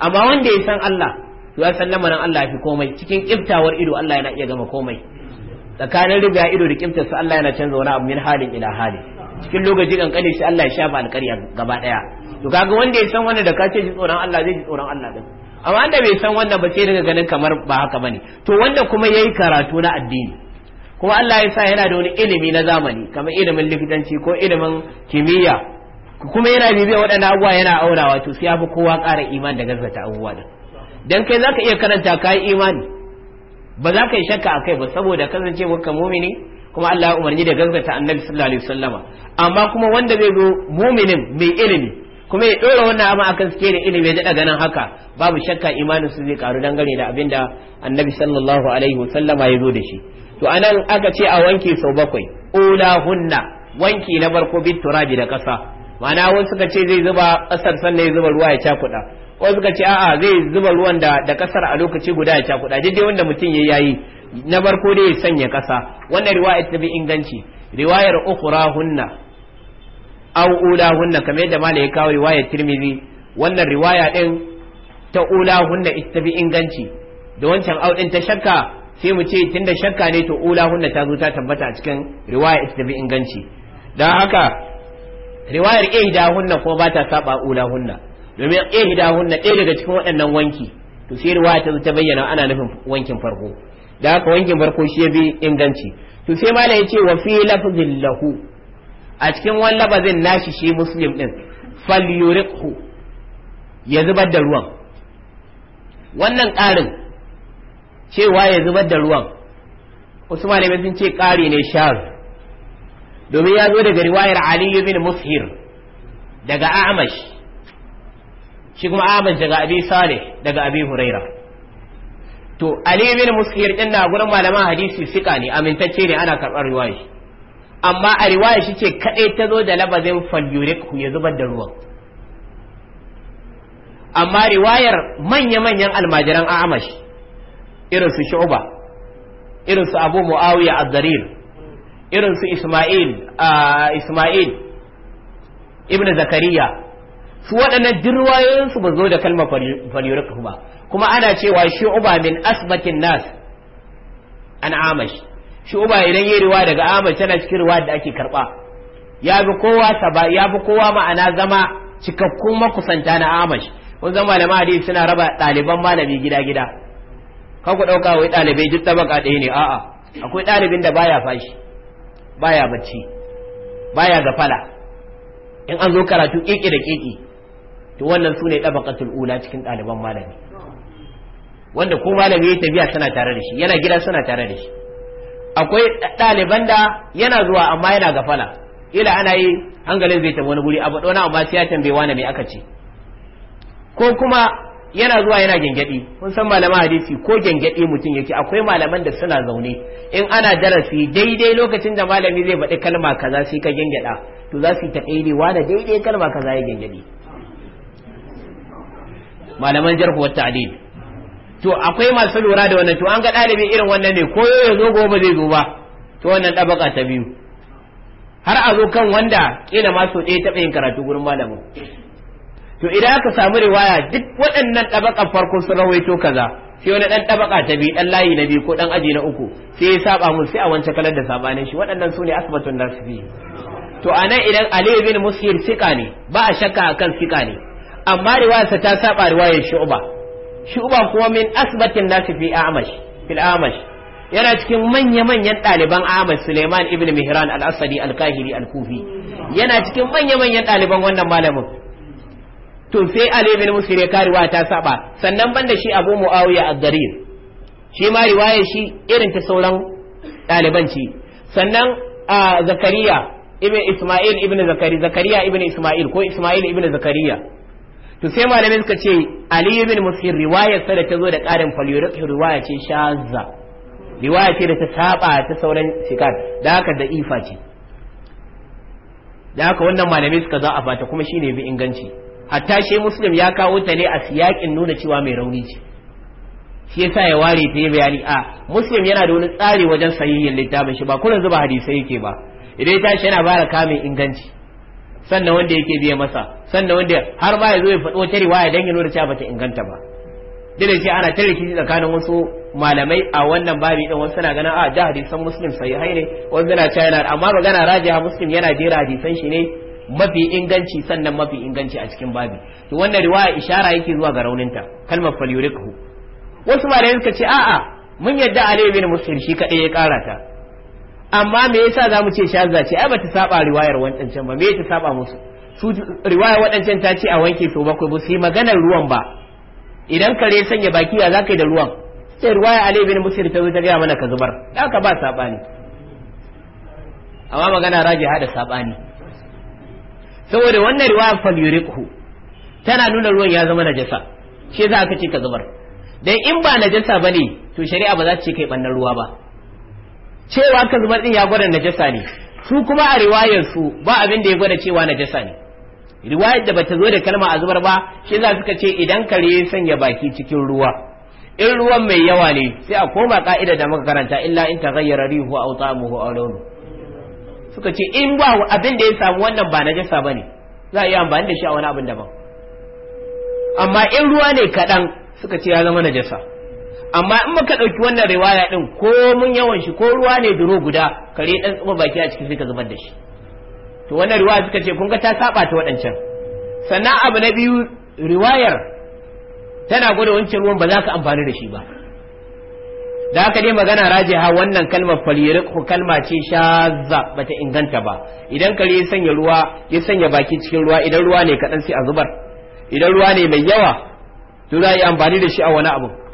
amma wanda ya san Allah to ya san lamarin Allah ya fi komai cikin kiftawar ido Allah yana iya gama komai tsakanin riga ido da kiftar su Allah yana canza wani abu min halin ila hali cikin lokaci kankani shi Allah ya shafa alƙarya gaba daya to kaga wanda ya san wanda da ka ce ji tsoron Allah zai ji tsoron Allah din amma wanda bai san wanda ba sai daga ganin kamar ba haka bane to wanda kuma yayi karatu na addini kuma Allah ya sa yana da wani ilimi na zamani kamar ilimin likitanci ko ilimin kimiyya kuma yana bibiya waɗannan abubuwa yana aurawa to sai ya fi kowa ƙara iman da gazzata abubuwa din dan kai zaka iya karanta kai imani ba za ka yi shakka a kai ba saboda kasance wakka mumini kuma Allah ya umarni da gaskata annabi sallallahu alaihi wasallama amma kuma wanda bai zo muminin mai ilimi kuma ya dora wannan amma akan suke da ilimi da ganin haka babu shakka imanin su zai karu dangane da abin da annabi sallallahu alaihi wasallama ya zo da shi to anan aka ce a wanke sau bakwai ula hunna wanki na barko bit turabi da kasa ma'ana wani suka ce zai zuba kasar sannan ya zuba ruwa ya cakuɗa wasu suka ce a'a zai zuba ruwan da da kasar a lokaci guda ya cakuɗa daidai wanda mutum ya yayi na barko dai ya sanya kasa wannan riwaya ta bi inganci riwayar ukhra hunna aw ula hunna kamar yadda malai ya kawo riwaya tirmizi wannan riwaya din ta ula hunna ita bi inganci da wancan au din ta shakka sai mu ce tunda shakka ne to ula hunna ta zo ta tabbata a cikin riwaya ita bi inganci dan haka riwayar ihda hunna kuma ba ta saba ula hunna domin ihdahun hunna ɗaya daga cikin waɗannan wanki to sai ruwa ta ta bayyana ana nufin wankin farko da haka wankin farko shi ya bi inganci to sai ya ce wa fi lafzin lahu a cikin wani lafazin nashi shi muslim din falyuriqhu ya zubar da ruwan wannan ƙarin cewa ya zubar da ruwan wasu malamai sun ce ƙari ne shar domin ya zo daga riwayar Ali bin Mushir daga Amash shi kuma Ahmad daga Abi Salih daga Abi Huraira to Ali bin Muskir din na gurin malaman hadisi sika ne amintacce ne ana karɓar riwaya amma a riwaya shi ce kadai ta zo da labazin ku ya zubar da ruwan amma riwayar manya-manyan almajiran Amash irin su Shu'ba irin su Abu Muawiya ad-Darir irin su Isma'il ah, Isma'il ibn Zakariya su waɗannan dirwayoyinsu ba zo da kalmar faliyurka ba kuma ana cewa shu'uba min asbatin nas an amash shu'uba idan yi riwa daga amash tana cikin riwa da ake karba ya bi kowa saba ya bi kowa ma'ana zama cikakkun makusanta na amash kun zama da mahadi suna raba ɗaliban malami gida gida kan ku ɗauka wai ɗalibai duk tabaka ɗaya ne a'a akwai ɗalibin da baya fashi baya bacci baya gafala in an zo karatu keke da keke to wannan su ne ɗabakatul ula cikin ɗaliban malami wanda ko malami ya tafiya suna tare da shi yana gida suna tare da shi akwai ɗaliban da yana zuwa amma yana gafala ila ana yi hangalin zai tafi wani guri abu ɗona amma sai ya tambaye wani mai aka ce ko kuma yana zuwa yana gyangyaɗi kun san malaman hadisi ko gyangyaɗi mutum yake akwai malaman da suna zaune in ana darasi daidai lokacin da malami zai baɗi kalma kaza sai ka gyangyaɗa to za su yi taƙaidi wani daidai kalma kaza ya gyangyaɗi malaman jarhu wa ta'dil to akwai masu lura da wannan to an ga ɗalibi irin wannan ne ko ya zo gobe zai zo ba to wannan dabaka ta biyu har a zo kan wanda kila ma so ɗaya taɓa yin karatu gurin malamin to idan aka samu riwaya duk waɗannan ɗabakan farko sun rawaito kaza sai wani dan ɗabaƙa ta biyu dan layi na biyu ko dan aji na uku sai ya saba mun sai a wancan kalar da sabanin shi waɗannan su ne asbatun nasibi to anan idan Ali bin Musyir sika ne ba a shakka akan sika ne amma riwayarsa ta saba riwayar shu'ba shu'ba kuma min asbatin nasu fi amash fil amash yana cikin manya-manyan ɗaliban Amash Suleiman ibn Mihran al-Asadi al-Kahiri al-Kufi yana cikin manya-manyan ɗaliban wannan malamin to sai Ali ibn Musir ya riwaya ta saba sannan banda shi Abu Muawiya al darir shi ma riwaya shi irin ta sauran ɗaliban ci sannan Zakariya ibn Isma'il ibn Zakari Zakariya ibn Isma'il ko Isma'il ibn Zakariya to sai malamin suka ce Ali ibn Muslim riwayar sa da ta zo da ƙarin falyuruk riwaya ce shazza riwaya ce da ta saba ta sauran shikar da haka da ifa ce da haka wannan malami suka za a bata kuma shine bi inganci hatta shi Muslim ya kawo ta ne a siyakin nuna cewa mai rauni ce shi yasa ya ware ta yi bayani a Muslim yana da wani tsari wajen sahihin littafin shi ba kullum zuba hadisai yake ba idan ya tashi yana bara kamin inganci sannan wanda yake biya masa sannan wanda har ba ya zo ya faɗo wata riwaya dan ya da cewa bata inganta ba dole ce ana tare rikici tsakanin wasu malamai a wannan babi din wasu suna ganin ah, a da hadisan muslim sahihai ne wasu na cewa yana amma magana rajiha muslim yana jera hadisan shi ne mafi inganci sannan mafi inganci a cikin babi to wannan riwaya ishara yake zuwa ga rauninta kalmar falyurikhu wasu malamai suka ce a'a mun yadda alayhi bin Muslim shi kadai ya karata amma me yasa za mu ce shazza ce ai bata saba riwayar waɗancan ba me ta saba musu su riwayar waɗancan ta ce a wanke so bakwai ba su yi maganar ruwan ba idan kare sanya baki ya zaka yi da ruwan sai riwaya Ali bin Musir ta zo ta gaya mana ka zubar haka ba sabani amma magana rage hada sabani saboda wannan riwaya fal yuriqhu tana nuna ruwan ya zama najasa shi yasa aka ce ka zubar dan in ba najasa bane to shari'a ba za ta ce kai bannan ruwa ba cewa ka zubar din ya gwada najasa ne su kuma a riwayar ba abin da ya gwada cewa najasa ne riwayar da bata zo da kalma a zubar ba shi za suka ce idan kare ya sanya baki cikin ruwa in ruwan mai yawa ne sai a koma ka'ida da muka karanta illa in ta gayyara rihu wuta ta'amuhu aw lawnu suka ce in ba abin da ya samu wannan ba najasa ne za a yi amfani da shi a wani abin daban amma in ruwa ne kaɗan suka ce ya zama najasa amma in muka ɗauki wannan riwaya din ko mun yawan shi ko ruwa ne duro guda kare ɗan tsuma baki a cikin sai ka zubar da shi to wannan riwaya suka ce kun ga ta saba ta waɗancan sannan abu na biyu riwayar tana gwada wancan ruwan ba za ka amfani da shi ba da haka dai magana ha wannan kalmar ko kalma ce shazza bata inganta ba idan kare ya sanya ruwa ya sanya baki cikin ruwa idan ruwa ne kaɗan sai a zubar idan ruwa ne mai yawa to za a yi amfani da shi a wani abu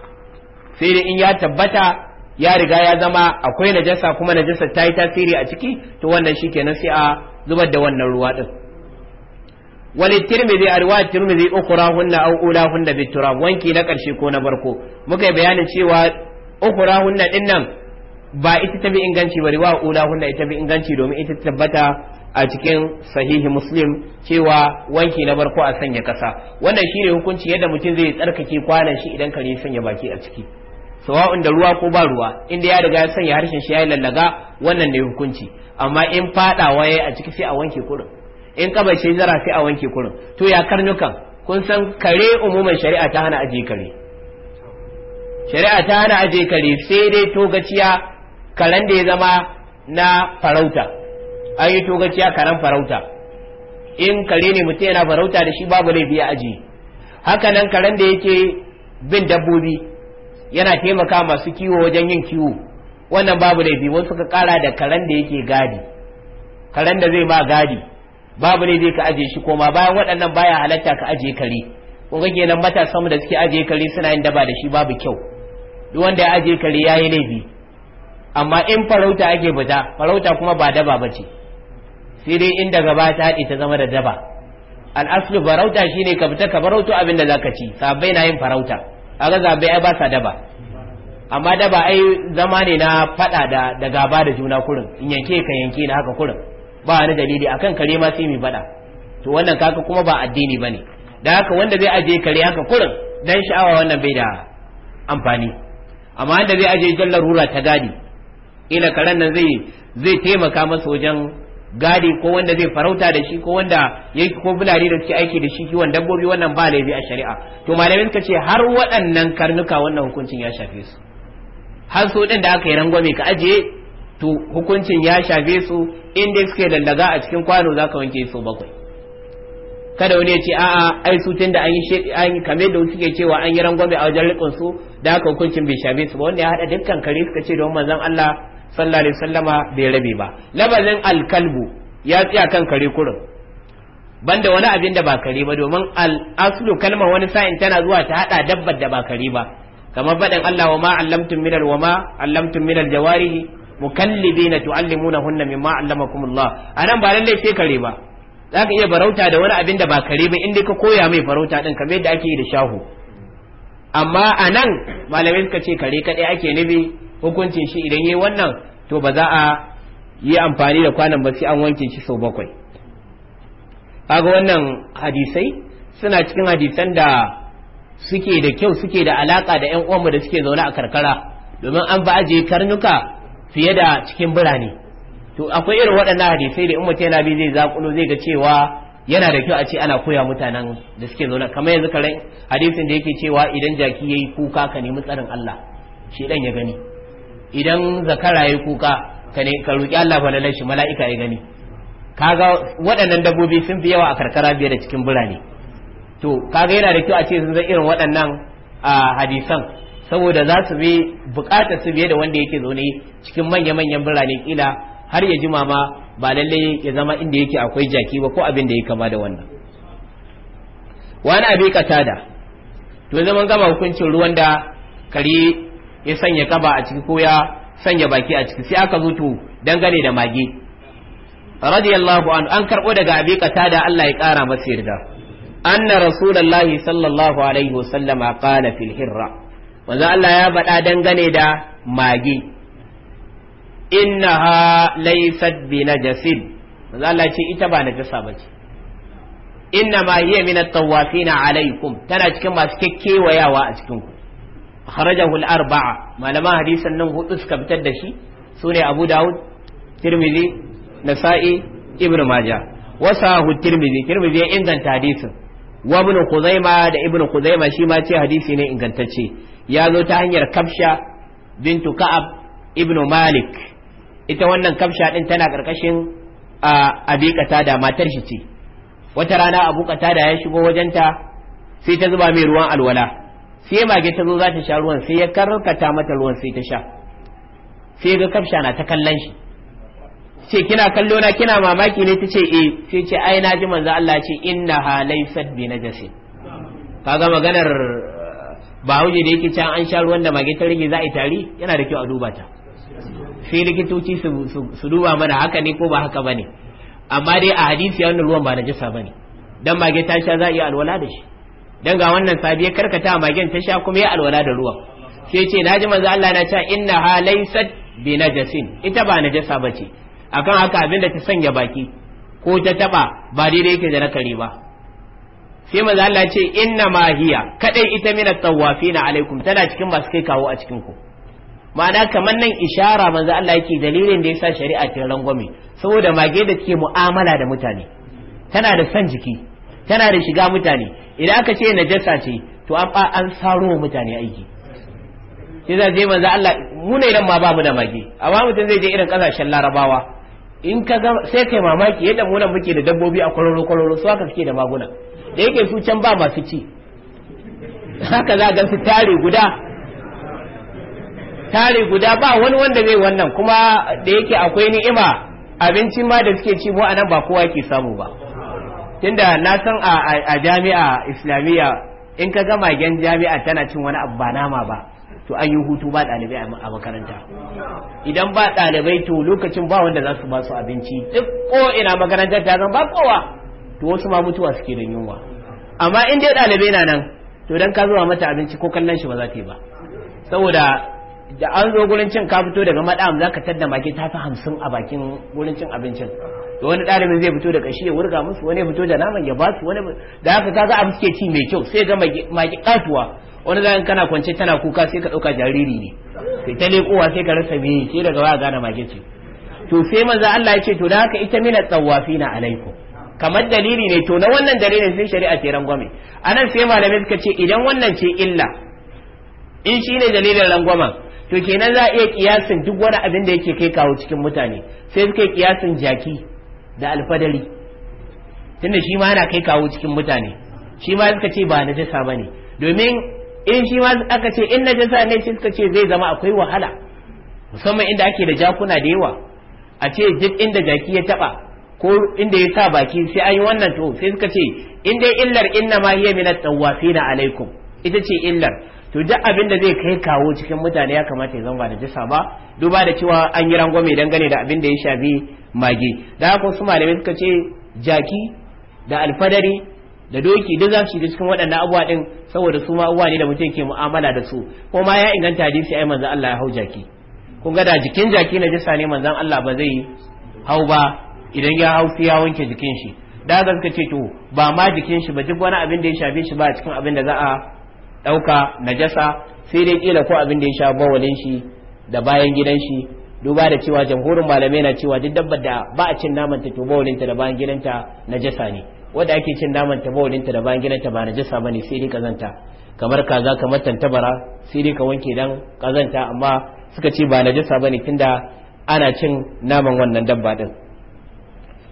sai dai in ya tabbata ya riga ya zama akwai najasa kuma najasa ta yi tasiri a ciki to wannan shi kenan sai a zubar da wannan ruwa din wani tirmidhi a riwayat tirmidhi ukura hunna aw ula hunna bitura wanki na karshe ko na barko muka yi bayanin cewa ukura hunna din nan ba ita ta bi inganci ba riwa ula hunna ita bi inganci domin ita tabbata a cikin sahihi muslim cewa wanki na barko a sanya kasa wannan shine hukunci yadda mutum zai tsarkake kwanan shi idan kare sanya baki a ciki sawa'un da ruwa ko ba ruwa inda ya riga ya sanya harshen shi ya lallaga wannan ne hukunci amma in fada waye a ciki sai a wanke kurin in shi zara sai a wanke kurin to ya karnukan kun san kare umuman shari'a ta hana aje kare shari'a ta hana aje kare sai dai togaciya karen da ya zama na farauta an yi togaciya karen farauta in kare ne mutum yana farauta da shi babu laifi a aje haka nan karen da yake bin dabbobi yana taimaka masu kiwo wajen yin kiwo wannan babu laifi wasu suka kara da karen da yake gadi karen da zai ba gadi babu laifi ka aje shi koma bayan waɗannan baya halatta ka aje kare kun ga kenan matasan da suke aje kare suna yin daba da shi babu kyau duk wanda ya aje kare yayi laifi amma in farauta ake fita farauta kuma ba daba bace sai dai in daga ba ta haɗe ta zama da daba Al al'aslu farauta shine ka fita ka farauto abin da zaka ci sabai na yin farauta a ga zabe ai ba sa daba amma daba ai zama ne na faɗa da da gaba da juna kurin in yanke ka yanke na haka kurin ba wani dalili akan kare ma sai mai fada to wannan kaka kuma ba addini bane dan haka wanda zai aje kare haka kurin dan sha'awa wannan bai da amfani amma wanda zai aje jallar rura ta gadi ina karen nan zai zai taimaka masa wajen gadi ko wanda zai farauta da shi ko wanda yake ko fulani da suke aiki da shi kiwon dabbobi wannan ba laifi a shari'a to malamin ka ce har waɗannan karnuka wannan hukuncin ya shafe su har su ɗin da aka yi rangwame ka ajiye to hukuncin ya shafe su inda suke lallaga a cikin kwano za ka wanke su bakwai kada wani ya ce a'a ai su tun da an yi an kame da suke cewa an yi rangwame a wajen rikon su da aka hukuncin bai shafe su ba wanda ya haɗa dukkan kare suka ce don manzon Allah sallallahu alaihi wasallama bai rabe ba labarin alkalbu ya tsaya kan kare kurin banda wani abin da ba kare ba domin al-aslu kalmar wani sa'in tana zuwa ta hada dabbar da ba kare ba kamar faɗin Allah wa ma allamtum min al wama allamtum min al-jawarihi mukallibina tu'allimunahunna mimma allamakumullah anan ba lalle sai kare ba zaka iya barauta da wani abin da ba kare ba inda ka koya mai farauta din kamar yadda ake yi da shahu amma anan malamai suka ce kare kadai ake nufi hukuncin shi idan yayi wannan to ba za a yi amfani da kwanan ba sai an wanke shi sau bakwai kaga wannan hadisai suna cikin hadisan da suke da kyau suke da alaka da yan uwanmu da suke zaune a karkara domin an ba ajiye karnuka fiye da cikin birane to akwai irin waɗannan hadisai da in mutum yana bi zai zakulo zai ga cewa yana da kyau a ce ana koya mutanen da suke zaune kamar yanzu karen hadisin da yake cewa idan jaki yayi kuka ka nemi tsarin Allah shi dan ya gani idan zakara ya kuka ka roki Allah lalle shi mala'ika ya gani kaga waɗannan dabbobi sun fi yawa a karkara biyar da cikin birane to kaga yana da kyau a ce sun zai irin waɗannan a hadisan saboda za su bi bukatar su biye da wanda yake zaune cikin manya-manyan birane kila har ya jima ma ba lalle ya zama inda yake akwai jaki ba ko abin da ya kama da wannan wani abi katada to zaman gama hukuncin ruwan da kare ya sanya kaba a ciki ko ya sanya baki a ciki sai aka zo to dangane da mage radiyallahu anhu an karbo daga abi da Allah ya kara masa yarda anna rasulullahi sallallahu alaihi wasallama qala fil hirra wanda Allah ya faɗa dangane da mage innaha laysat bi najasin wanda Allah ce ita ba najasa bace inna ma hiya min at-tawafin alaikum tana cikin masu kekkewayawa a cikin ku kharajahu al-arba'a malama hadisan nan hudu suka fitar da shi sune Abu Dawud Tirmidhi Nasa'i Ibn Majah wa sahu Tirmidhi Tirmidhi ya inganta hadisin wa Ibn Khuzaima da Ibn Khuzaima shi ma ce hadisi ne ingantacce ya zo ta hanyar Kafsha bintu Ka'ab Ibn Malik ita wannan Kafsha din tana karkashin Abi Qatada matar shi ce wata rana Abu Qatada ya shigo wajenta sai ta zuba mai ruwan alwala sai mage ta zo za ta sha ruwan sai ya karkata mata ruwan sai ta sha sai ga kafsha na ta kallon shi ce kina kallo na kina mamaki ne Ta ce eh sai ce ai na ji manzo Allah ce inna ha laysat bi najasi kaga maganar uh, hauje da yake can an sha ruwan da mage ta rage za a yi tari yana da kyau a duba ta sai likitoci su duba mana haka ne ko ba haka bane amma dai a hadisi ya wannan ruwan ba najasa bane dan mage ta sha za a yi alwala da shi dan ga wannan sabi ya karkata magen ta sha kuma ya alwala da ruwa sai ce ji manzo Allah na cewa inna ha laysat bi najasin ita ba najasa bace akan haka abinda ta sanya baki ko ta taba ba daidai yake da na kare ba sai manzo Allah ce inna ma hiya kadai ita min tawafina alaikum tana cikin masu kai kawo a cikin ku ma'ana kamar nan ishara manzo Allah yake dalilin da yasa shari'a ta rangwame saboda mage da take mu'amala da mutane tana da san jiki tana da shiga mutane idan aka ce najasa ce to an an saro wa mutane aiki sai za je manzo Allah mu ne nan ma ba mu da mage amma mutum zai je irin kasashen larabawa in ka ga sai kai mamaki yadda mu nan muke da dabbobi a kwararo kwararo su haka suke da maguna da yake su can ba masu ci haka za ga su tare guda tare guda ba wani wanda zai wannan kuma da yake akwai ni'ima abincin ma da suke ci mu anan ba kowa ke samu ba tunda na san a jami'a islamiyya in ka ga magen jami'a tana cin wani abu ba nama ba to an yi hutu ba ɗalibai a makaranta idan ba ɗalibai to lokacin ba wanda za su ba su abinci duk ko ina makaranta ta zan ba kowa to wasu ma mutuwa suke da yunwa amma in dai ɗalibai na nan to dan ka zuwa mata abinci ko kallon shi ba za ta yi ba saboda da an zo gurin cin ka fito daga madam ka tadda mage ta fi hamsin a bakin gurin cin abincin da wani ɗalibin zai fito da ƙashi ya wurga musu wani ya fito da naman ya basu wani da haka za a suke ci mai kyau sai ga maki katuwa wani in kana kwance tana kuka sai ka ɗauka jariri ne sai ta leƙowa sai ka rasa biyu sai daga waya gane maki ce to sai manzo Allah ya ce to da haka ita mina tsawafina alaiku kamar dalili ne to na wannan dalilin sai shari'a ce rangwame anan sai malamai suka ce idan wannan ce illa in shine dalilin rangwaman to kenan za a iya kiyasin duk wani abin da yake kai kawo cikin mutane sai suka yi kiyasin jaki da alfadari tunda shi ma yana kai kawo cikin mutane shi ma suka ce ba na jasa ba ne domin in shi ma aka ce in na jasa ne suka ce zai zama akwai wahala musamman inda ake da jakuna da yawa a ce duk inda jaki ya taba ko inda ya sa baki sai an yi wannan to sai suka ce in dai illar inna ma hiya minat tawafina alaikum ita ce illar to duk abin da zai kai kawo cikin mutane ya kamata ya zama ba da jasa ba duba da cewa an yi rangwame dangane da abin da ya shafi mage da haka wasu malamai suka ce jaki da alfadari da doki duk za su shiga cikin waɗannan abuwa din saboda su ma abuwa ne da mutum ke mu'amala da su ko ma ya inganta hadisi ai manzon Allah ya hau jaki kun ga da jikin jaki na jisa ne manzon Allah ba zai hau ba idan ya hau sai ya wanke jikin shi da haka suka ce to ba ma jikin shi ba duk wani abin da ya shafe shi ba cikin abin da za a ɗauka najasa sai dai kila ko abin da ya sha bawalin shi da bayan gidan shi duba da cewa jamhurin malamai na cewa duk dabbar da ba a cin naman ta to ta da bayan gidanta najasa ne wanda ake cin naman ta ta da bayan gidanta ba najasa bane sai dai kazanta kamar kaza kamar tantabara sai dai ka wanke dan kazanta amma suka ce ba najasa bane tunda ana cin naman wannan dabba din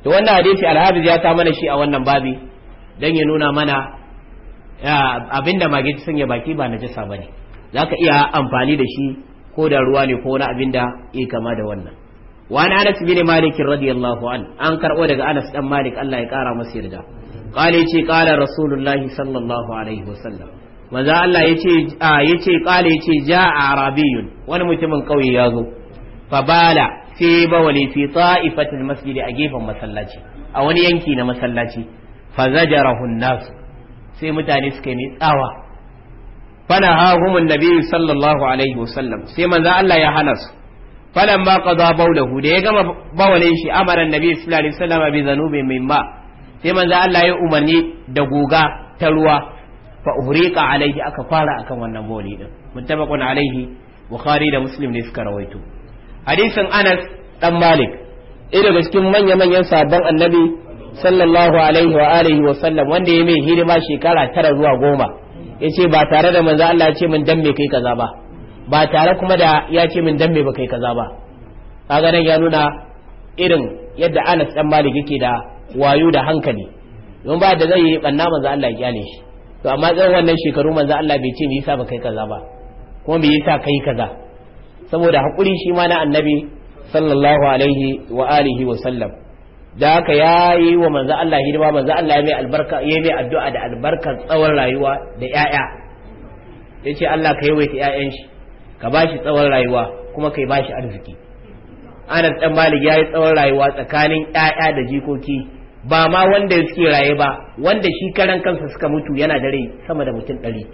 to wannan hadisi alhabiz ya ta mana shi a wannan babi dan ya nuna mana abinda mage sun ya baki ba jasa bane zaka iya amfani da shi ko da ruwa ne ko na abin da ya kama da wannan wani anas bin malik radiyallahu an an karbo daga anas dan malik Allah ya kara masa yarda qala ce qala rasulullahi sallallahu alaihi wasallam maza Allah yace yace qala yace jaa arabiyun wani mutumin kauye ya zo fabala fi bawali fi masu masjid a gefen masallaci a wani yanki na masallaci fazajarahu an-nas sai mutane suka yi tsawa fana hahumun nabi sallallahu alaihi wasallam sai manzo Allah ya hana su falan ma qada da da ya gama bawalin shi amara nabi sallallahu alaihi wasallam bi zanubi min ma sai manzo umarni da guga ta ruwa fa uhriqa alaihi aka fara akan wannan bawli din muttafaqun alaihi bukhari da muslim ne suka rawaito hadisin Anas ɗan Malik ɗaya daga cikin manya-manyan sabon annabi sallallahu alaihi wa alihi wa sallam wanda ya mai hidima shekara tara zuwa goma Ya ce ba tare da manzo Allah ya ce min damme kai kaza ba ba tare kuma da ya ce min damme ba kai kaza ba kaga nan ya nuna irin yadda Anas dan Malik yake da wayo da hankali don ba da zai yi banna manzo Allah ya kyale shi to amma tsawon wannan shekaru manzo Allah bai ce me yasa ba kai kaza ba kuma me yasa kai kaza saboda hakuri shi ma na annabi sallallahu alaihi wa alihi wa sallam da haka ya wa manzo Allah hidima manzo Allah ya mai albarka ya mai addu'a da albarkar tsawon rayuwa da yaya yace Allah ka yawaita 'ya'yan shi ka ba shi tsawon rayuwa kuma kai bashi arziki Anas dan Malik yi tsawon rayuwa tsakanin 'ya'ya da jikoki ba ma wanda suke raye ba wanda shi karan kansa suka mutu yana da rai sama da mutum ɗari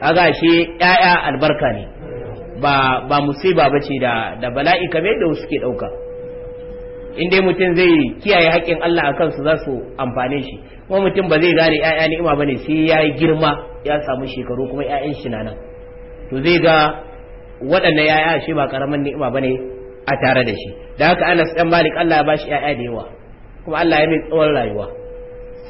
Agashe shi ‘ya’ya albarka ne ba ba musiba bace da da bala'i kamar da suke ɗauka in dai mutum zai kiyaye haƙƙin Allah a kansu za su amfane shi kuma mutum ba zai gane ƴaƴa ni'ima bane sai ya yi girma ya samu shekaru kuma yayan shi nan to zai ga waɗannan yaya shi ba karamin ni'ima bane a tare da shi da haka Anas dan Malik Allah ya bashi 'yaya da yawa kuma Allah ya mai tsawon rayuwa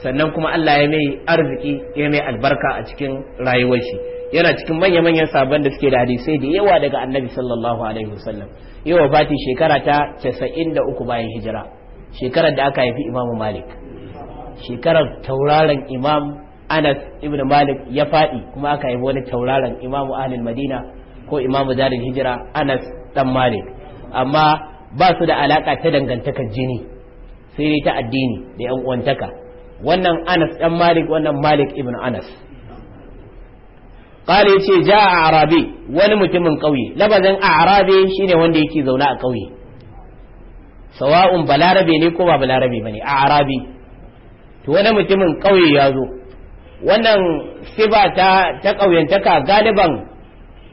sannan kuma Allah ya mai arziki ya mai albarka a cikin rayuwar shi yana cikin manya-manyan sabon da suke da hadisai da yawa daga Annabi sallallahu alaihi wasallam yi wa fati shekara ta casa'in da uku bayan hijira shekarar da aka haifi imamu malik shekarar tauraron imam anas ibn malik ya faɗi kuma aka haifi wani tauraron imamu ahalin madina ko imamu zarin hijira anas dan malik amma ba su da alaka ta dangantakar jini sai ta addini da yan uwantaka wannan anas dan malik wannan malik ibn anas ce yace jaa arabe wani mutumin kauye labazin arabi shine wanda yake zaune a kauye sawa'un balarabe ne ko ba balarabe bane arabe to wani mutumin ƙauye ya zo wannan siba ta ta ƙauyantaka galiban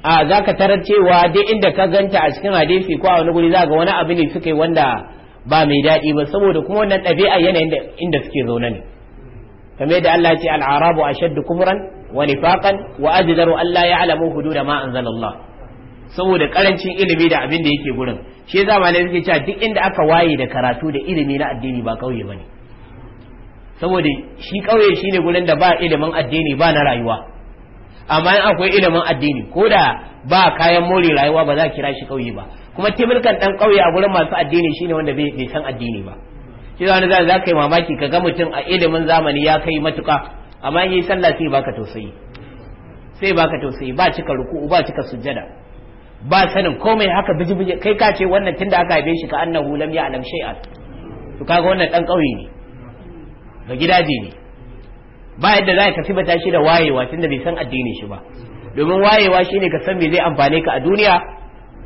a ka tarar cewa duk inda ka ganta a cikin hadisi ko a wani guri ga wani abu ne suka yi wanda ba mai daɗi ba saboda kuma wannan ɗabi'a yanayin inda suke zaune ne kame da Allah ya ce al-arabu ashaddu kufran wa nifaqan wa ajdaru an la ya'lamu hududa ma anzalallah saboda karancin ilimi da abin da yake gurin shi yasa malai suke cewa duk inda aka waye da karatu da ilimi na addini ba kauye bane saboda shi kauye shine gurin da ba ilimin addini ba na rayuwa amma in akwai ilimin addini ko da ba kayan more rayuwa ba za a kira shi kauye ba kuma timilkan dan kauye a gurin masu addini shine wanda bai san addini ba shi wani za ka yi mamaki ka ga mutum a ilimin zamani ya kai matuka amma in yi sallah sai baka tausayi sai baka tausayi ba cika ruku'u ba cika sujjada ba sanin komai haka biji biji kai ka ce wannan tunda aka haife shi ka annahu lam ya'lam shay'an to kaga wannan dan kauye ne ga gidaje ne ba yadda za ka sibata shi da wayewa tunda bai san addini shi ba domin wayewa shine ka san me zai amfane ka a duniya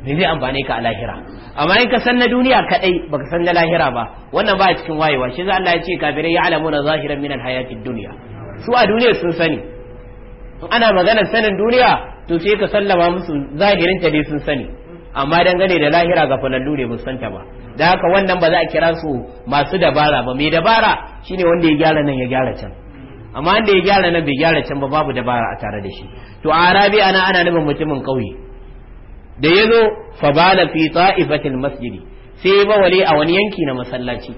me zai amfane ka a lahira amma in ka san na duniya kadai baka san na lahira ba wannan ba cikin wayewa shi za Allah ya ce kafirai na zahiran min hayatin duniya su a duniya sun sani in ana maganar sanin duniya to sai ka sallama musu zahirin ta dai sun sani amma dangane da lahira ga falallu ne san ta ba da haka wannan ba za a kira su masu dabara ba mai dabara shine wanda ya gyara nan ya gyara can amma wanda ya gyara nan bai gyara can ba babu dabara a tare da shi to a arabi ana ana nufin mutumin kauye da ya zo fa bala fi ta'ifatil masjidi sai bawale a wani yanki na masallaci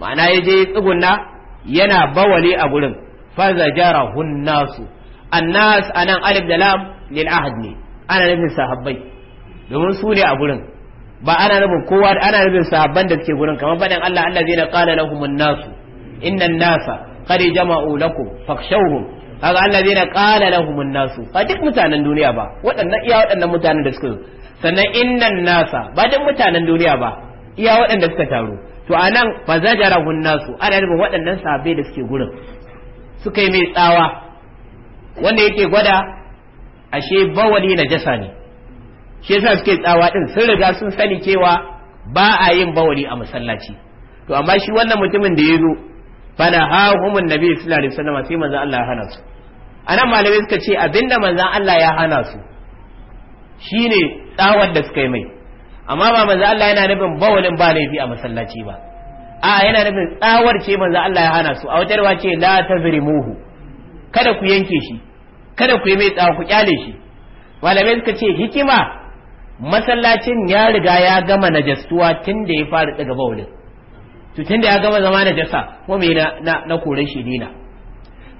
ma'ana ya je tsugunna yana bawale a gurin faza jara hunnasu annas anan alif da lam lil ahad ne ana nufin sahabbai domin su ne a gurin ba ana nufin kowa ana nufin sahabban da suke gurin kamar faɗin Allah Allah zai na qala lahumun nasu innan nasa qad jama'u lakum fakhshawhum kaga allazina qala lahumun nasu fa duk mutanen duniya ba waɗannan iya waɗannan mutanen da suka zo sannan innan nasa ba duk mutanen duniya ba iya waɗanda suka taru to anan fa zajarahun nasu ana nufin waɗannan sahabbai da suke gurin suka yi mai tsawa wanda yake gwada ashe bawali na jasa ne shi yasa suke tsawa din sun riga sun sani cewa ba a yin bawali a masallaci to amma shi wannan mutumin da ya zo fana ha humun nabi sallallahu alaihi wasallam sai manzo Allah ya hana su A nan malamai suka ce abinda manzan Allah ya hana su shi ne tsawar da suka yi mai amma ba manzan Allah yana nufin bawalin ba laifi a masallaci ba a yana nufin tsawar ce manzan Allah ya hana su a wata rawa ce la muhu kada ku yanke shi kada ku yi mai tsawa ku kyale shi malamai suka ce hikima masallacin ya riga ya gama najastuwa tun da ya fara daga bawalin to tun da ya gama zama najasa kuma na na, na shi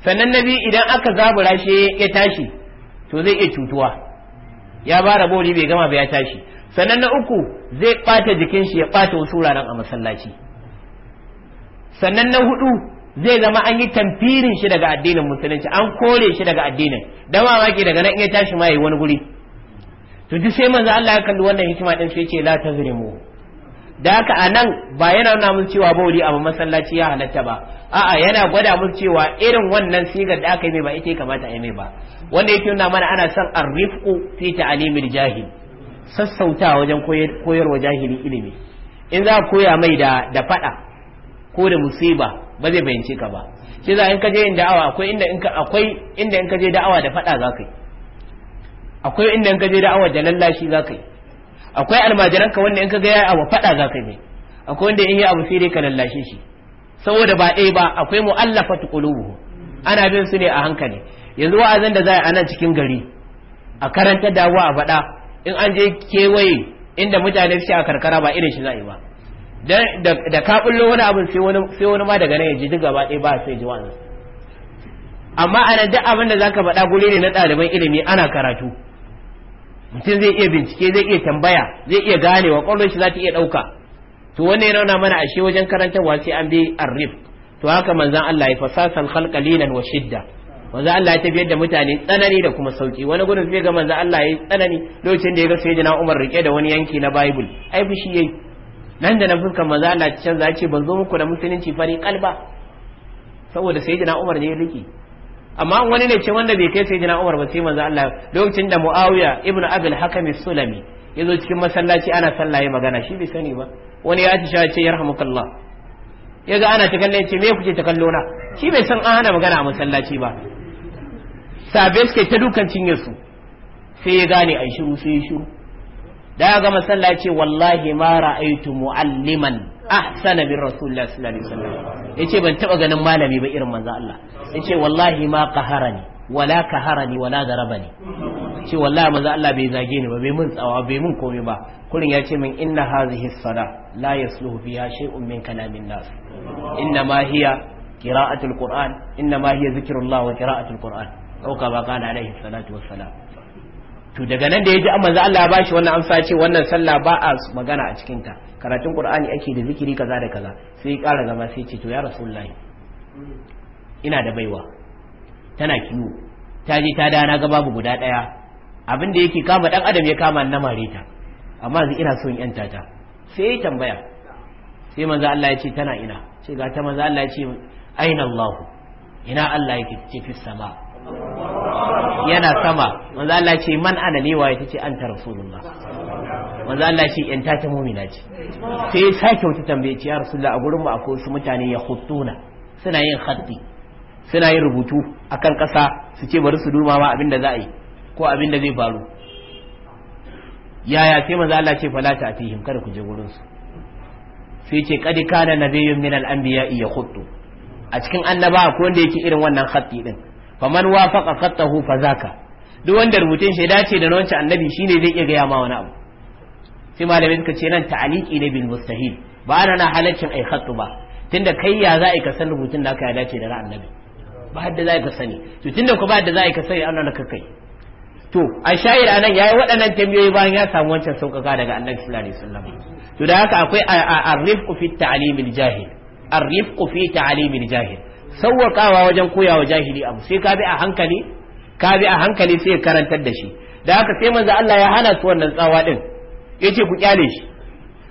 sannan na biyu idan aka zabura shi ya tashi to zai iya cutuwa ya ba rabo bai gama ba ya tashi sannan na uku zai ɓata jikin shi ya ɓata wasu wuraren a masallaci sannan na hudu zai zama an yi tamfirin shi daga addinin musulunci an kore shi daga addinin dan ke daga nan in ya tashi ma yayi wani guri to duk sai manzo Allah ya kalli wannan hikima din sai ce la tazrimu da haka anan ba yana nuna mun cewa bauli a masallaci ya halatta ba a'a yana gwada musu cewa irin wannan sigar da aka yi mai ba ita kamata a yi mai ba wanda yake nuna mana ana son arrifku fi ta'limil jahil sassauta wajen koyarwa jahili ilimi in za koya mai da da fada ko da musiba ba zai bayyance ka ba shi za in ka je yin da'awa akwai inda in ka akwai inda in ka je da'awa da fada zakai akwai inda in ka je da'awa da lallashi zakai akwai almajiranka wanda in ka ga ya abu fada zakai mai akwai wanda in yi abu sai dai ka lallashe shi saboda ba ɗaya ba akwai mu'allafa qulubuhum ana bin su ne a hankali yanzu wa'azin da za a nan cikin gari a karanta dawa a faɗa in an je kewaye inda mutane shi a karkara ba irin shi za yi ba da ka bullo wani abin sai wani ma daga nan ya ji duk gaba ɗaya ba sai ji wa'azin amma ana duk abin da zaka faɗa guri ne na ɗaliban ilimi ana karatu mutum zai iya bincike zai iya tambaya zai iya ganewa ƙwallon shi za ta iya ɗauka to wanne ya nuna mana ashe wajen karantarwa sai an bi arrif to haka manzan Allah ya fasasan khalqalilan wa shidda wanzan Allah ya tafiyar da mutane tsanani da kuma sauki wani gurin sai ga manzan Allah ya tsanani lokacin da ya ga sayyidina Umar rike da wani yanki na Bible ai fushi yayi nan da na fuskar manzan Allah ya canza ya ce ban zo muku da musulunci fari kalba saboda sayyidina Umar ne ya rike amma wani ne ce wanda bai kai sayyidina Umar ba sai manzan Allah lokacin da Muawiya ibnu Abil Hakim Sulami yazo cikin masallaci ana sallaye magana shi bai sani ba wani ya atisha ya ce yarhamukallah ya ga ana ta kalle ya ce me kuke ta kallo na shi bai san an hana magana a masallaci ba sabai suke ta dukan cinye su sai ya gane ayi shiru sai ya shiru da ga masallaci wallahi ma ra'aitu mu'alliman ahsana bin rasulullah sallallahu alaihi wasallam yace ban taba ganin malami ba irin manzo Allah yace wallahi ma qaharani wala qaharani wala darabani ce wallahi manzo Allah bai zage ni ba bai mun tsawa bai mun komai ba kurin ya ce min inna hazihi sada la yasluhu fiha shay'un min kalamin nas inna ma hiya qira'atul qur'an inna ma hiya zikrullah wa qira'atul qur'an dauka ba kana alaihi salatu wassalam to daga nan da ya ji an manzo Allah ba shi wannan amsa ce wannan sallah ba a magana a cikin ta karatun qur'ani ake da zikiri kaza da kaza sai ya kara zama sai ce to ya rasulullahi ina da baiwa tana kiwo ta je ta dana ga babu guda daya abin da yake kama dan adam ya kama na mare ta, amma zai ina son yanta ta sai ya tambaya sai manzo Allah ya ce tana ina ce ga ta manzo Allah ya ce aina Allah ina Allah yake ce fi sama yana sama manzo Allah ya ce man ana lewa ya ce anta rasulullah manzo Allah ya ce yanta ta mu'mina ce sai ya sake wata tambaye ce ya rasulullah a gurin mu akwai su mutane ya khutuna suna yin khatti suna yin rubutu akan kasa su ce bari su duba ma abin da za a yi ko abin da zai faru yaya sai maza Allah ce fala ta fihim kada ku je gurin su sai ce kad kana nabiyyun min al anbiya ya khuttu a cikin annaba ko wanda yake irin wannan khatti din faman wafaqa khattahu fazaka duk wanda rubutun shi dace da wancan annabi shine zai iya gaya ma wani abu sai malamai suka ce nan ta'aliki ne bil mustahil ba ana na halaccin ai khattu ba tunda kai ya za ka san rubutun da aka ya dace da na annabi ba hadda za ka sani to tunda ku ba hadda za ka sani annabi na kai to a shayir a nan yayi waɗannan tambayoyi bayan ya samu wancan sauƙaƙa daga annabi sallallahu alaihi wasallam to da haka akwai ar-rifqu fi ta'limil jahil ar-rifqu fi ta'limil jahil sauƙaƙawa wajen koyawa jahili abu sai ka bi a hankali ka bi a hankali sai karantar da shi da haka sai manzo Allah ya hana su wannan tsawa din yace ku kyale shi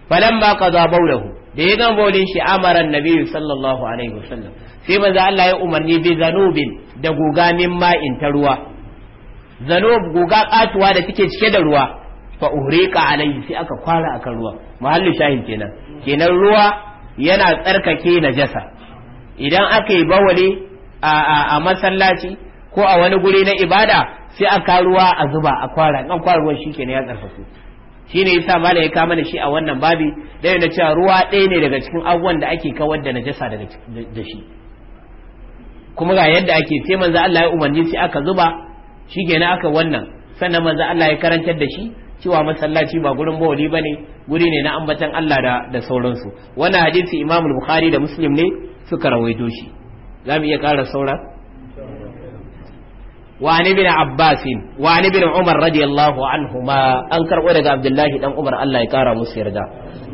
falamma qaza bawlahu da ya gama baulin shi amaran nabi sallallahu alaihi wasallam sai manzo Allah ya umarni bi zanubin da gugamin ma'in ta ruwa zanob goga katuwa da take cike da ruwa fa uhriqa alayhi sai aka kwara akan ruwa muhallin shahin kenan kenan ruwa yana tsarkake najasa idan aka yi bawale a masallaci ko a wani guri na ibada sai aka ruwa a zuba a kwara an kwara ruwa shikenan ya tsarkake shi ne yasa malai ya kama mana shi a wannan babi dai na cewa ruwa ɗaya ne daga cikin abubuwan da ake kawar da najasa daga da shi kuma ga yadda ake sai manzo Allah ya umarni sai aka zuba shi kenan aka wannan sannan manzo Allah ya karantar da shi cewa masallaci ba gurin bawali bane guri ne na ambatan Allah da da sauransu wannan hadisi Imam Bukhari da Muslim ne suka rawaito shi zamu iya ƙara saura wa ni bin Abbas wa ni bin Umar radiyallahu anhuma an karbo daga Abdullahi dan Umar Allah ya kara musu yarda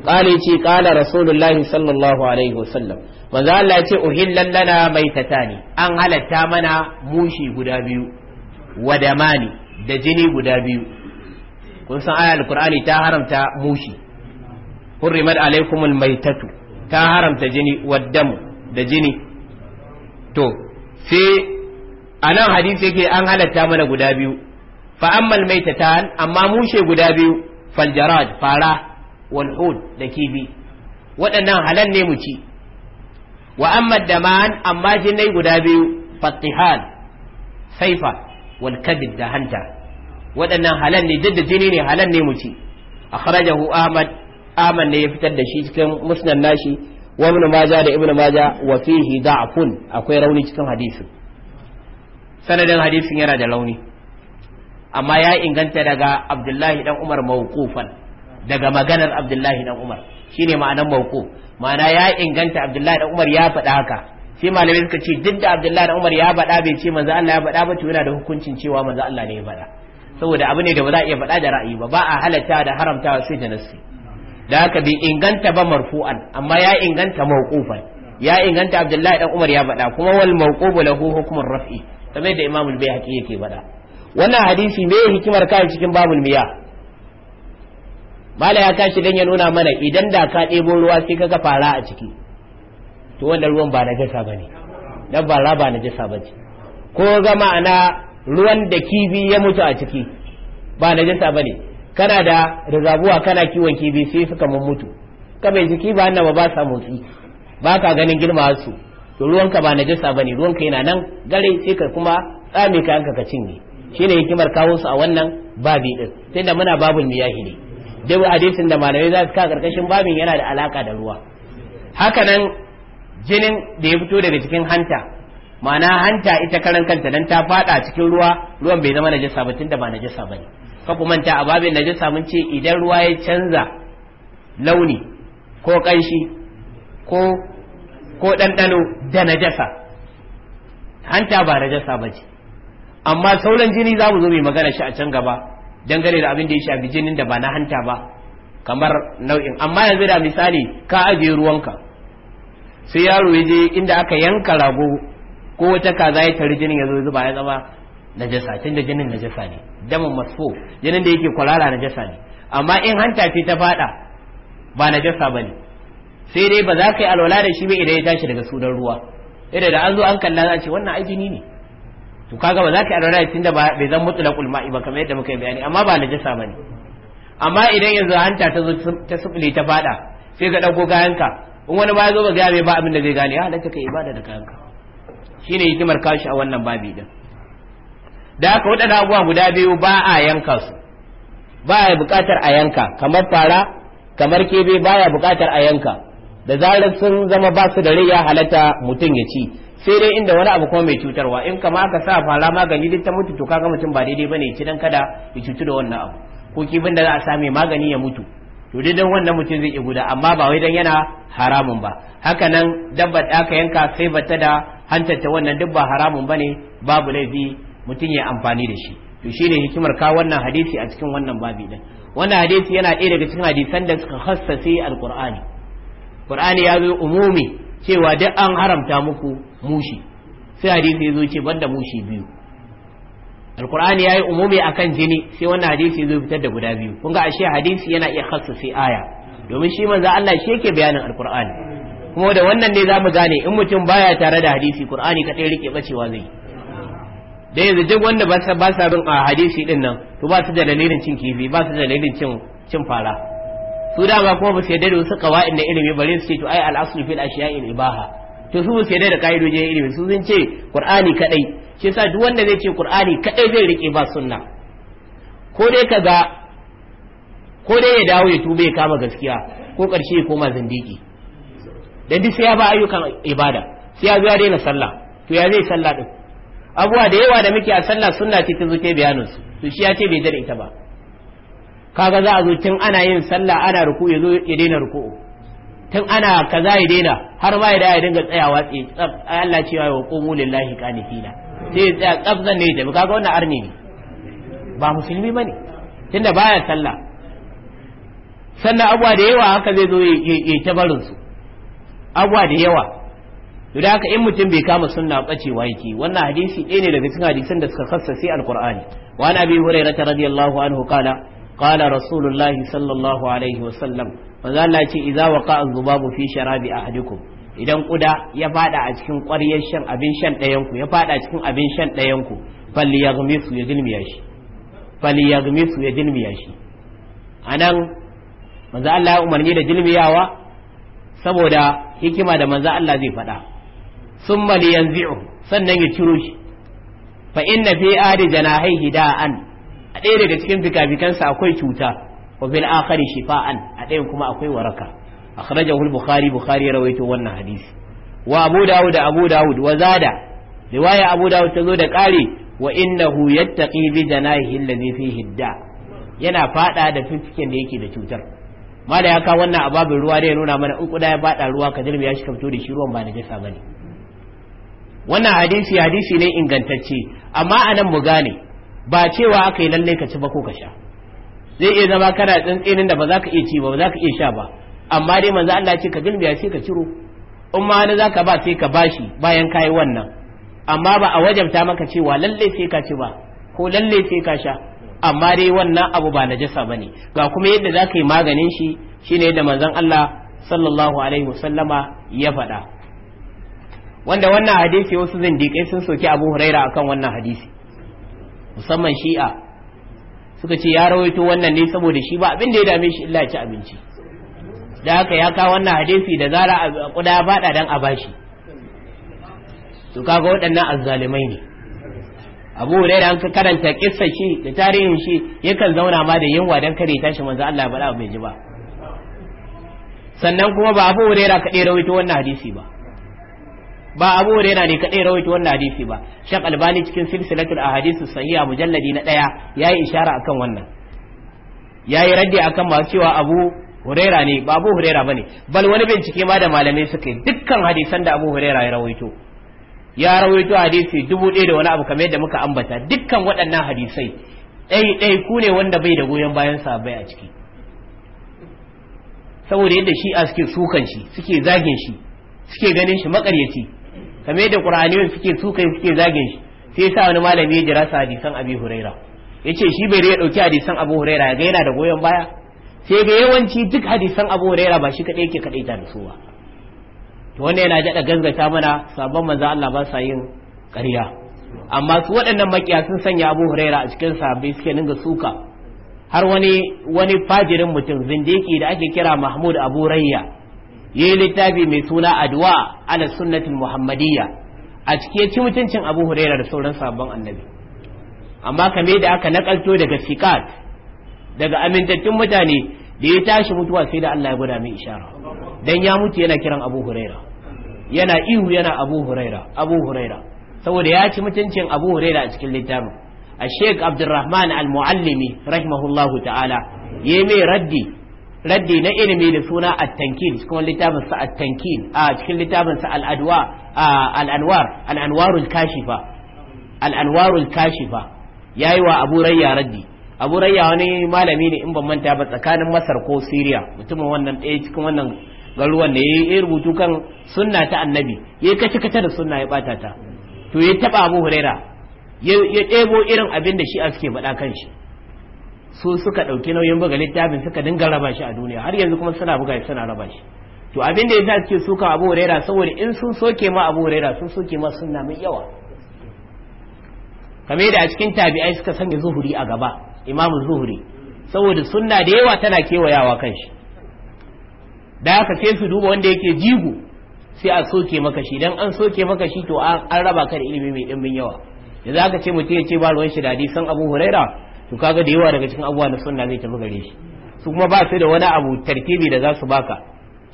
qali ce qala rasulullahi sallallahu alaihi wasallam manzo Allah ya ce uhillan lana maitatani an halatta mana mushi guda biyu wa damani da jini guda biyu kun san ayar alkur'ani ta haramta mushi hurrimat alaikumul maitatu ta haramta jini damu da jini to sai a nan hadisi yake an halatta mana guda biyu fa ammal maitatan amma mushe guda biyu faljarad fara wal hud da kibi waɗannan halal ne mu ci wa amma daman amma jinai guda biyu fattihan saifa wal da hanta waɗannan halan ne duk da jini ne ne mu ci akhrajahu ahmad ahmad ne ya fitar da shi cikin musnad nashi wa ibn majah da ibn majah wa fihi da'fun akwai rauni cikin hadisi. sanadin hadisin yana da launi amma ya inganta daga abdullahi dan umar mawqufan daga maganar abdullahi dan umar shine ma'anar mawquf ma'ana ya inganta abdullahi dan umar ya faɗi haka sai malamai suka ce duk da abdullahi da umar ya faɗa bai ce manzo Allah ya faɗa ba to yana da hukuncin cewa manzo Allah ne ya faɗa saboda abu ne da ba za a iya faɗa da ra'ayi ba ba a halatta da haramta sai da nassi da haka bai inganta ba marfu'an amma ya inganta mawqufan ya inganta abdullahi dan umar ya faɗa kuma wal mawqubu lahu hukmun raf'i kamar da imamul bayhaqi yake faɗa wannan hadisi me hikimar kai cikin babul miya mala ya kashi dan ya nuna mana idan da ka ɗebo ruwa sai kaga fara a ciki to wannan ruwan ba najasa bane dan ba raba najasa bace ko ga ma'ana ruwan da kibi ya mutu a ciki ba najasa bane kana da rizabuwa kana kiwon kibi sai suka mun mutu ka bai jiki ba ba sa motsi ba ka ganin girma su to ruwanka ba najasa bane ruwanka yana nan gare sai ka kuma tsame ka yanka ka cinye shine hikimar kawo su a wannan babi din tunda muna babul miyahi ne dai hadisin da malamai za su ka karkashin babin yana da alaka da ruwa haka nan jinin da ya fito daga cikin hanta ma'ana hanta ita karan kanta dan ta fada cikin ruwa ruwan bai zama najasa ba tunda ba najasa bane ka kuma manta a babin najasa mun ce idan ruwa ya canza launi ko kanshi ko ko ɗanɗano da najasa hanta ba najasa ba ce amma sauran jini za mu zo mai magana shi a can gaba dangane da abin da ya shafi jinin da ba na hanta ba kamar nau'in amma yanzu da misali ka ajiye ruwanka sai yaro ya je inda aka yanka rago ko wata kaza ya tari jinin ya zo zuba ya zama najasa tun da jinin najasa ne damar masfo jinin da yake kwarara najasa ne amma in hanta ce ta fada ba najasa ba ne sai dai ba za ka yi alwala da shi ba idan ya tashi daga sunan ruwa idan da an zo an kalla za ce wannan ajini ne to kaga ba za ka yi alwala da tunda bai zan mutu da kulma'i ba kamar yadda muka yi bayani amma ba najasa ba ne amma idan yanzu hanta ta zo ta sufule ta fada sai ka ɗauko kayanka in wani ba ya zo ga gaya mai ba abin da zai gane ya halatta kai ibada da kanka shine hikimar kashi a wannan babi din da haka waɗanda abubuwa guda biyu ba a yanka su ba a buƙatar a yanka kamar fara kamar kebe baya buƙatar a yanka da zarar sun zama ba su da rai ya halatta mutum ya ci sai dai inda wani abu kuma mai cutarwa in kama aka sa fara magani duk ta mutu to kaga mutum ba daidai bane ci dan kada ya cutu da wannan abu ko kibin da za a sami magani ya mutu to dai dan wannan mutum zai iya guda amma ba wai dan yana haramun ba hakanan dabba da aka yanka sai bata da ta wannan duk ba haramun ba ne babu laifi mutum ya amfani da shi to shi ne hikimar ka wannan hadisi a cikin wannan babi din wannan hadisi yana ɗaya daga cikin hadisan da suka hassasi alqur'ani Ƙur'ani ya zo umumi cewa duk an haramta muku mushi sai hadisi ya zo ce banda mushi biyu alkur'ani ya yi umumi kan jini sai wannan hadisi zai fitar da guda biyu kun ga ashe hadisi yana iya sai aya domin shi manzo Allah shi yake bayanin alkur'ani kuma da wannan ne zamu gane in mutum baya tare da hadisi qur'ani kaɗai rike bacewa zai da yanzu duk wanda ba sa ba sa bin ah, hadisi din nan to ba su da dalilin cin kifi ba su da dalilin cin cin fara su dama kuma ba su yarda da wasu qawaid na ilimi bare su ce to ai al-aslu fil ashiya'i ibaha to su ke da kaidojin ilimi su sun ce qur'ani kadai shi yasa duk wanda zai ce qur'ani kadai zai rike ba sunna ko dai kaga ko dai ya dawo ya tube ya kama gaskiya ko karshe ya koma zindiki dan duk sai ya ba ayyukan ibada sai ya zuwa ya daina sallah to ya zai sallah din abuwa da yawa da muke a sallah sunna ce ta zo ta bayanin su to shi ya ce bai dare ita ba kaga za a zo tun ana yin sallah ana ruku ya zo ya daina ruku'u tun ana kaza ya daina har ma ya da ya dinga tsayawa tsaye a Allah cewa wa qumu lillahi qanitina sai ya tsaya tsaf zan ne tafi kaga wannan arni ne ba musulmi bane tunda baya sallah sannan abuwa da yawa haka zai zo ya ta barin su abuwa da yawa to da haka in mutum bai kama sunna bacewa yake wannan hadisi ɗaya ne daga cikin hadisan da suka khassasi alqur'ani wa an abi hurairah radiyallahu anhu qala qala rasulullahi sallallahu alaihi wa sallam manzo Allah ce idza waqa az-zubabu fi sharabi ahadikum idan kuda ya fada a cikin ƙwaryar shan abin shan ɗayan ku ya fada a cikin abin shan ɗayan ku falyaghmisu ya dilmiya shi falyaghmisu ya dilmiya shi anan manzo Allah ya umarni da dilmiyawa saboda hikima da manzo Allah zai fada summa liyanzi'u sannan ya ciro shi fa inna fi adi janahihi da'an a ɗaya daga cikin fikafikansa akwai cuta wa bil akhari shifa'an a ɗayan kuma akwai waraka akhrajahu al bukhari rawaito wannan hadisi wa abu dawud da abu dawud wa zada abu dawud ta zo da ƙari wa innahu yattaqi bi janahihi allazi fihi hidda yana faɗa da fifken da yake da cutar mala ya kawo wannan ababin ruwa da ya nuna mana in kuda ya bada ruwa ka jirbi ya shi fito da shi ruwan ba najasa bane wannan hadisi hadisi ne ingantacce amma anan mu gane ba cewa aka yi lallai ka ci ba ko ka sha zai iya zama kana tsantsinin da ba za ka iya ci ba ba za ka iya sha ba amma dai manzo Allah ce ka gilbiya sai ka ciro in ma wani ka ba sai ka bashi bayan kayi wannan amma ba a wajabta maka cewa lalle sai ka ci ba ko lalle sai ka sha amma dai wannan abu ba najasa bane ga kuma yadda za ka yi maganin shi shine yadda manzon Allah sallallahu alaihi wasallama ya faɗa wanda wannan hadisi wasu zindiƙai sun soki Abu Huraira akan wannan hadisi musamman shi'a suka ce ya rawaito wannan ne saboda shi ba abin da ya dame shi illa ci abinci da haka ya kawo wannan hadisi da zara a kuda ya bada dan a bashi to kaga waɗannan azzalimai ne abu da an ka karanta kissar shi da tarihin shi yakan zauna ma da yunwa dan kare tashi manzo Allah ya bada bai ji ba sannan kuma ba abu ka kaɗai rawaito wannan hadisi ba ba abu huraira ne kadai rawaito wannan hadisi ba shak albani cikin silsilatul ahadith sahiha mujalladi na daya yayi ishara akan wannan yayi raddi akan masu cewa abu huraira ne ba abu huraira bane bal wani bincike ma da malamai suka yi dukkan hadisan da abu huraira ya rawaito ya rawaito hadisi dubu ɗaya da wani abu kamar yadda muka ambata dukkan waɗannan hadisai ɗai ɗai ku ne wanda bai da goyon bayan sa bai a ciki saboda yadda shi a suke sukan shi suke zagin shi suke ganin shi makaryaci kamar yadda qur'aniyun suke suka suke zagin shi sai yasa wani malami ya jira sa hadisan abi huraira yace shi bai ya dauki hadisan abu huraira ga yana da goyon baya sai ga yawanci duk hadisan abu huraira ba shi kadai yake kadai ta da su ba to wannan yana jada gazgata mana sabon manzo Allah ba sa yin ƙarya amma su waɗannan makiya sun sanya abu huraira a cikin sahabbai suke ninga suka har wani wani fajirin mutum zindiki da ake kira mahmud abu rayya yayi littafi mai suna adwa ala sunnatin muhammadiyya a cikin ci mutuncin abu huraira da sauran sabon annabi amma kame da aka nakalto daga sikat daga amintattun mutane da ya tashi mutuwa sai da Allah ya gwada mai ishara dan ya mutu yana kiran abu huraira yana ihu yana abu huraira abu huraira saboda ya ci mutuncin abu huraira a cikin littafin a sheik abdurrahman al-muallimi rahimahullahu ta'ala yayi mai raddi raddi na ilimi da suna at-tankil cikin littafin sa at-tankil a cikin littafin sa al-adwa al-anwar al-anwarul kashifa al-anwarul kashifa yayi wa Abu Rayya raddi Abu Rayya wani malami ne in ban manta ba tsakanin Masar ko Siriya mutumin wannan ɗaya cikin wannan garuwan ne yayi rubutu kan sunna ta annabi yayi kace kace da sunna ya bata ta to ya taba Abu Huraira ya ɗebo irin abin da shi a suke faɗa kan shi su suka ɗauki nauyin buga littafin suka dinga raba shi a duniya har yanzu kuma suna buga suna raba shi to abin da yasa suke suka Abu raira saboda in sun soke ma Abu raira sun soke ma sunna mai yawa kame da a cikin tabi'ai suka sanya zuhuri a gaba Imam Zuhuri saboda sunna da yawa tana kewayawa kan shi da haka sai su duba wanda yake jigo sai a soke maka shi dan an soke maka shi to an raba ka da ilimi mai dimbin yawa yanzu aka ce mutum ya ce ba ruwan shi da hadisan Abu Huraira to kaga da yawa daga cikin abuwa na sunna zai tafi gare shi su kuma ba su da wani abu tarkibi da za su baka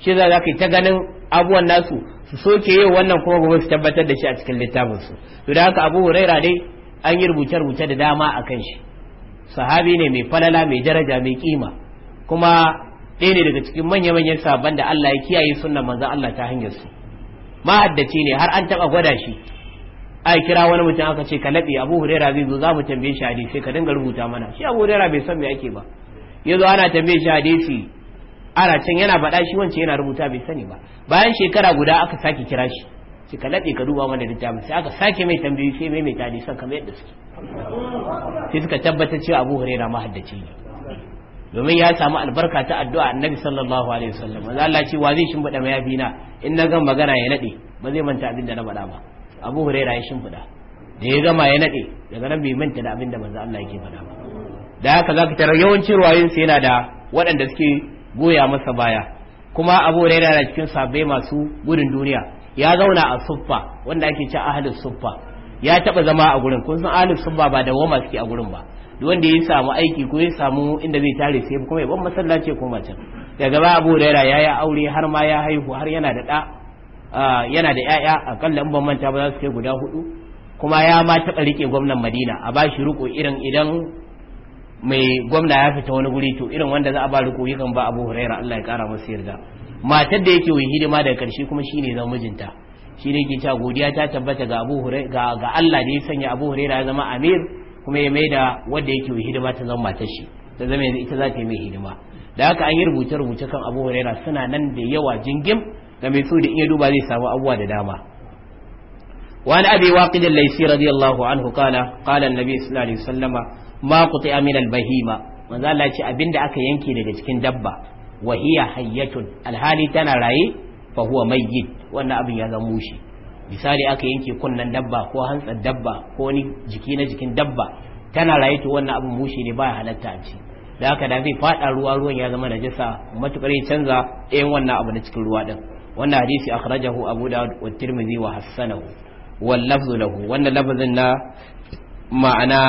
shi za za ka yi ta ganin abubuwan nasu su soke yau wannan kuma gobe su tabbatar da shi a cikin littafin su to da haka abu huraira dai an yi rubuce rubuce da dama a kan shi sahabi ne mai falala mai daraja mai kima kuma ɗaya ne daga cikin manya-manyan sabon da Allah ya kiyaye sunnan manzon Allah ta hanyar su ma'addaci ne har an taba gwada shi ai kira wani mutum aka ce ka laɓe abu huraira zai zo za mu tambaye shi hadisi ka dinga rubuta mana shi abu hurera bai san me ake ba yazo ana tambaye shi hadisi ana can yana faɗa shi wance yana rubuta bai sani ba bayan shekara guda aka sake kira shi sai ka laɓe ka duba mana littafin sai aka sake mai tambayi sai mai mai san kamar yadda suke sai suka tabbatar cewa abu hurera mahaddaci ne domin ya samu albarka ta addu'a annabi sallallahu alaihi wasallam manzo Allah ce wa zai shimbiɗa mayafi na in na gan magana ya nade ba zai manta abin da na faɗa ba abu huraira ya shimfiɗa da ya gama ya naɗe daga nan bai manta da abin da manzo Allah yake faɗa ba da haka za ka tarar yawancin ruwayoyinsa yana da waɗanda suke goya masa baya kuma abu huraira na cikin sabbai masu gudun duniya ya zauna a suffa wanda ake ce ahli suffa ya taba zama a gurin kun san ahli suffa ba da wama suke a gurin ba duk wanda ya samu aiki ko ya samu inda zai tare sai kuma ya ban masallaci ko macen daga ba abu huraira ya yi aure har ma ya haihu har yana da ɗa yana da yaya ƙalla in ban manta ba za su kai guda hudu kuma ya ma taɓa rike gwamnan madina a bashi riko irin idan mai gwamna ya fita wani guri to irin wanda za a ba riko yakan ba abu huraira allah ya kara masu yarda matar da yake wai hidima daga karshe kuma shine zama mijinta shi ne ke godiya ta tabbata ga abu huraira ga allah da ya sanya abu huraira ya zama amir kuma ya mai da wanda yake wai hidima ta zama matar shi ta zama yanzu ita za ta yi mai hidima da haka an yi rubuce rubuce kan abu huraira suna nan da yawa jingim da mai da iya duba zai samu abuwa da dama Wani أبي واقد laysi radiyallahu anhu عنه قال قال النبي صلى الله da وسلم ما قطع Bahima. manzo Allah ce abinda aka yanke daga cikin dabba wa hiya hayyatun alhali tana raye fa huwa mayyit wannan abin ya zama mushi misali aka yanke kunnan dabba ko hantsar dabba ko wani jiki na jikin dabba tana raye to wannan abin mushi ne ba halatta a ci da haka da zai fada ruwa ruwan ya zama najasa matukar ya canza ɗayan eh, wannan abu na cikin ruwa din wannan hadisi akhrajahu abu dawud wa tirmidhi wa hassanahu wal lafzu lahu wannan lafzin na ma'ana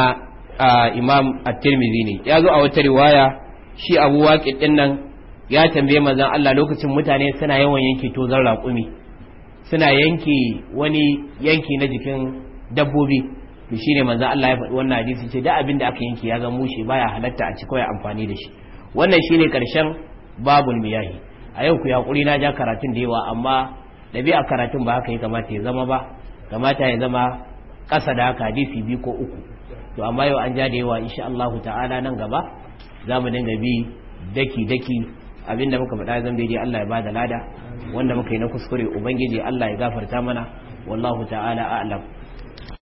imam at-tirmidhi ne ya zo a wata riwaya shi abu waqid din nan ya tambaye manzon Allah lokacin mutane suna yawan yanke tozar raƙumi suna yanke wani yanki na jikin dabbobi to shine manzon Allah ya faɗi wannan hadisi ce da abin da aka yanke ya zama mushe baya halatta a ci kawai amfani da shi wannan shine karshen babul miyahi a yau ku yaƙuri na ja karatun da yawa amma ɗabi'a karatun ba haka ya kamata ya zama ba kamata ya zama ƙasa da haka hadisi biyu ko uku to amma yau an ja da yawa insha Allahu ta'ala nan gaba za mu dinga bi daki daki abinda muka faɗa zan daidai Allah ya ba da lada wanda muka yi na kuskure ubangiji Allah ya gafarta mana wallahu ta'ala a'lam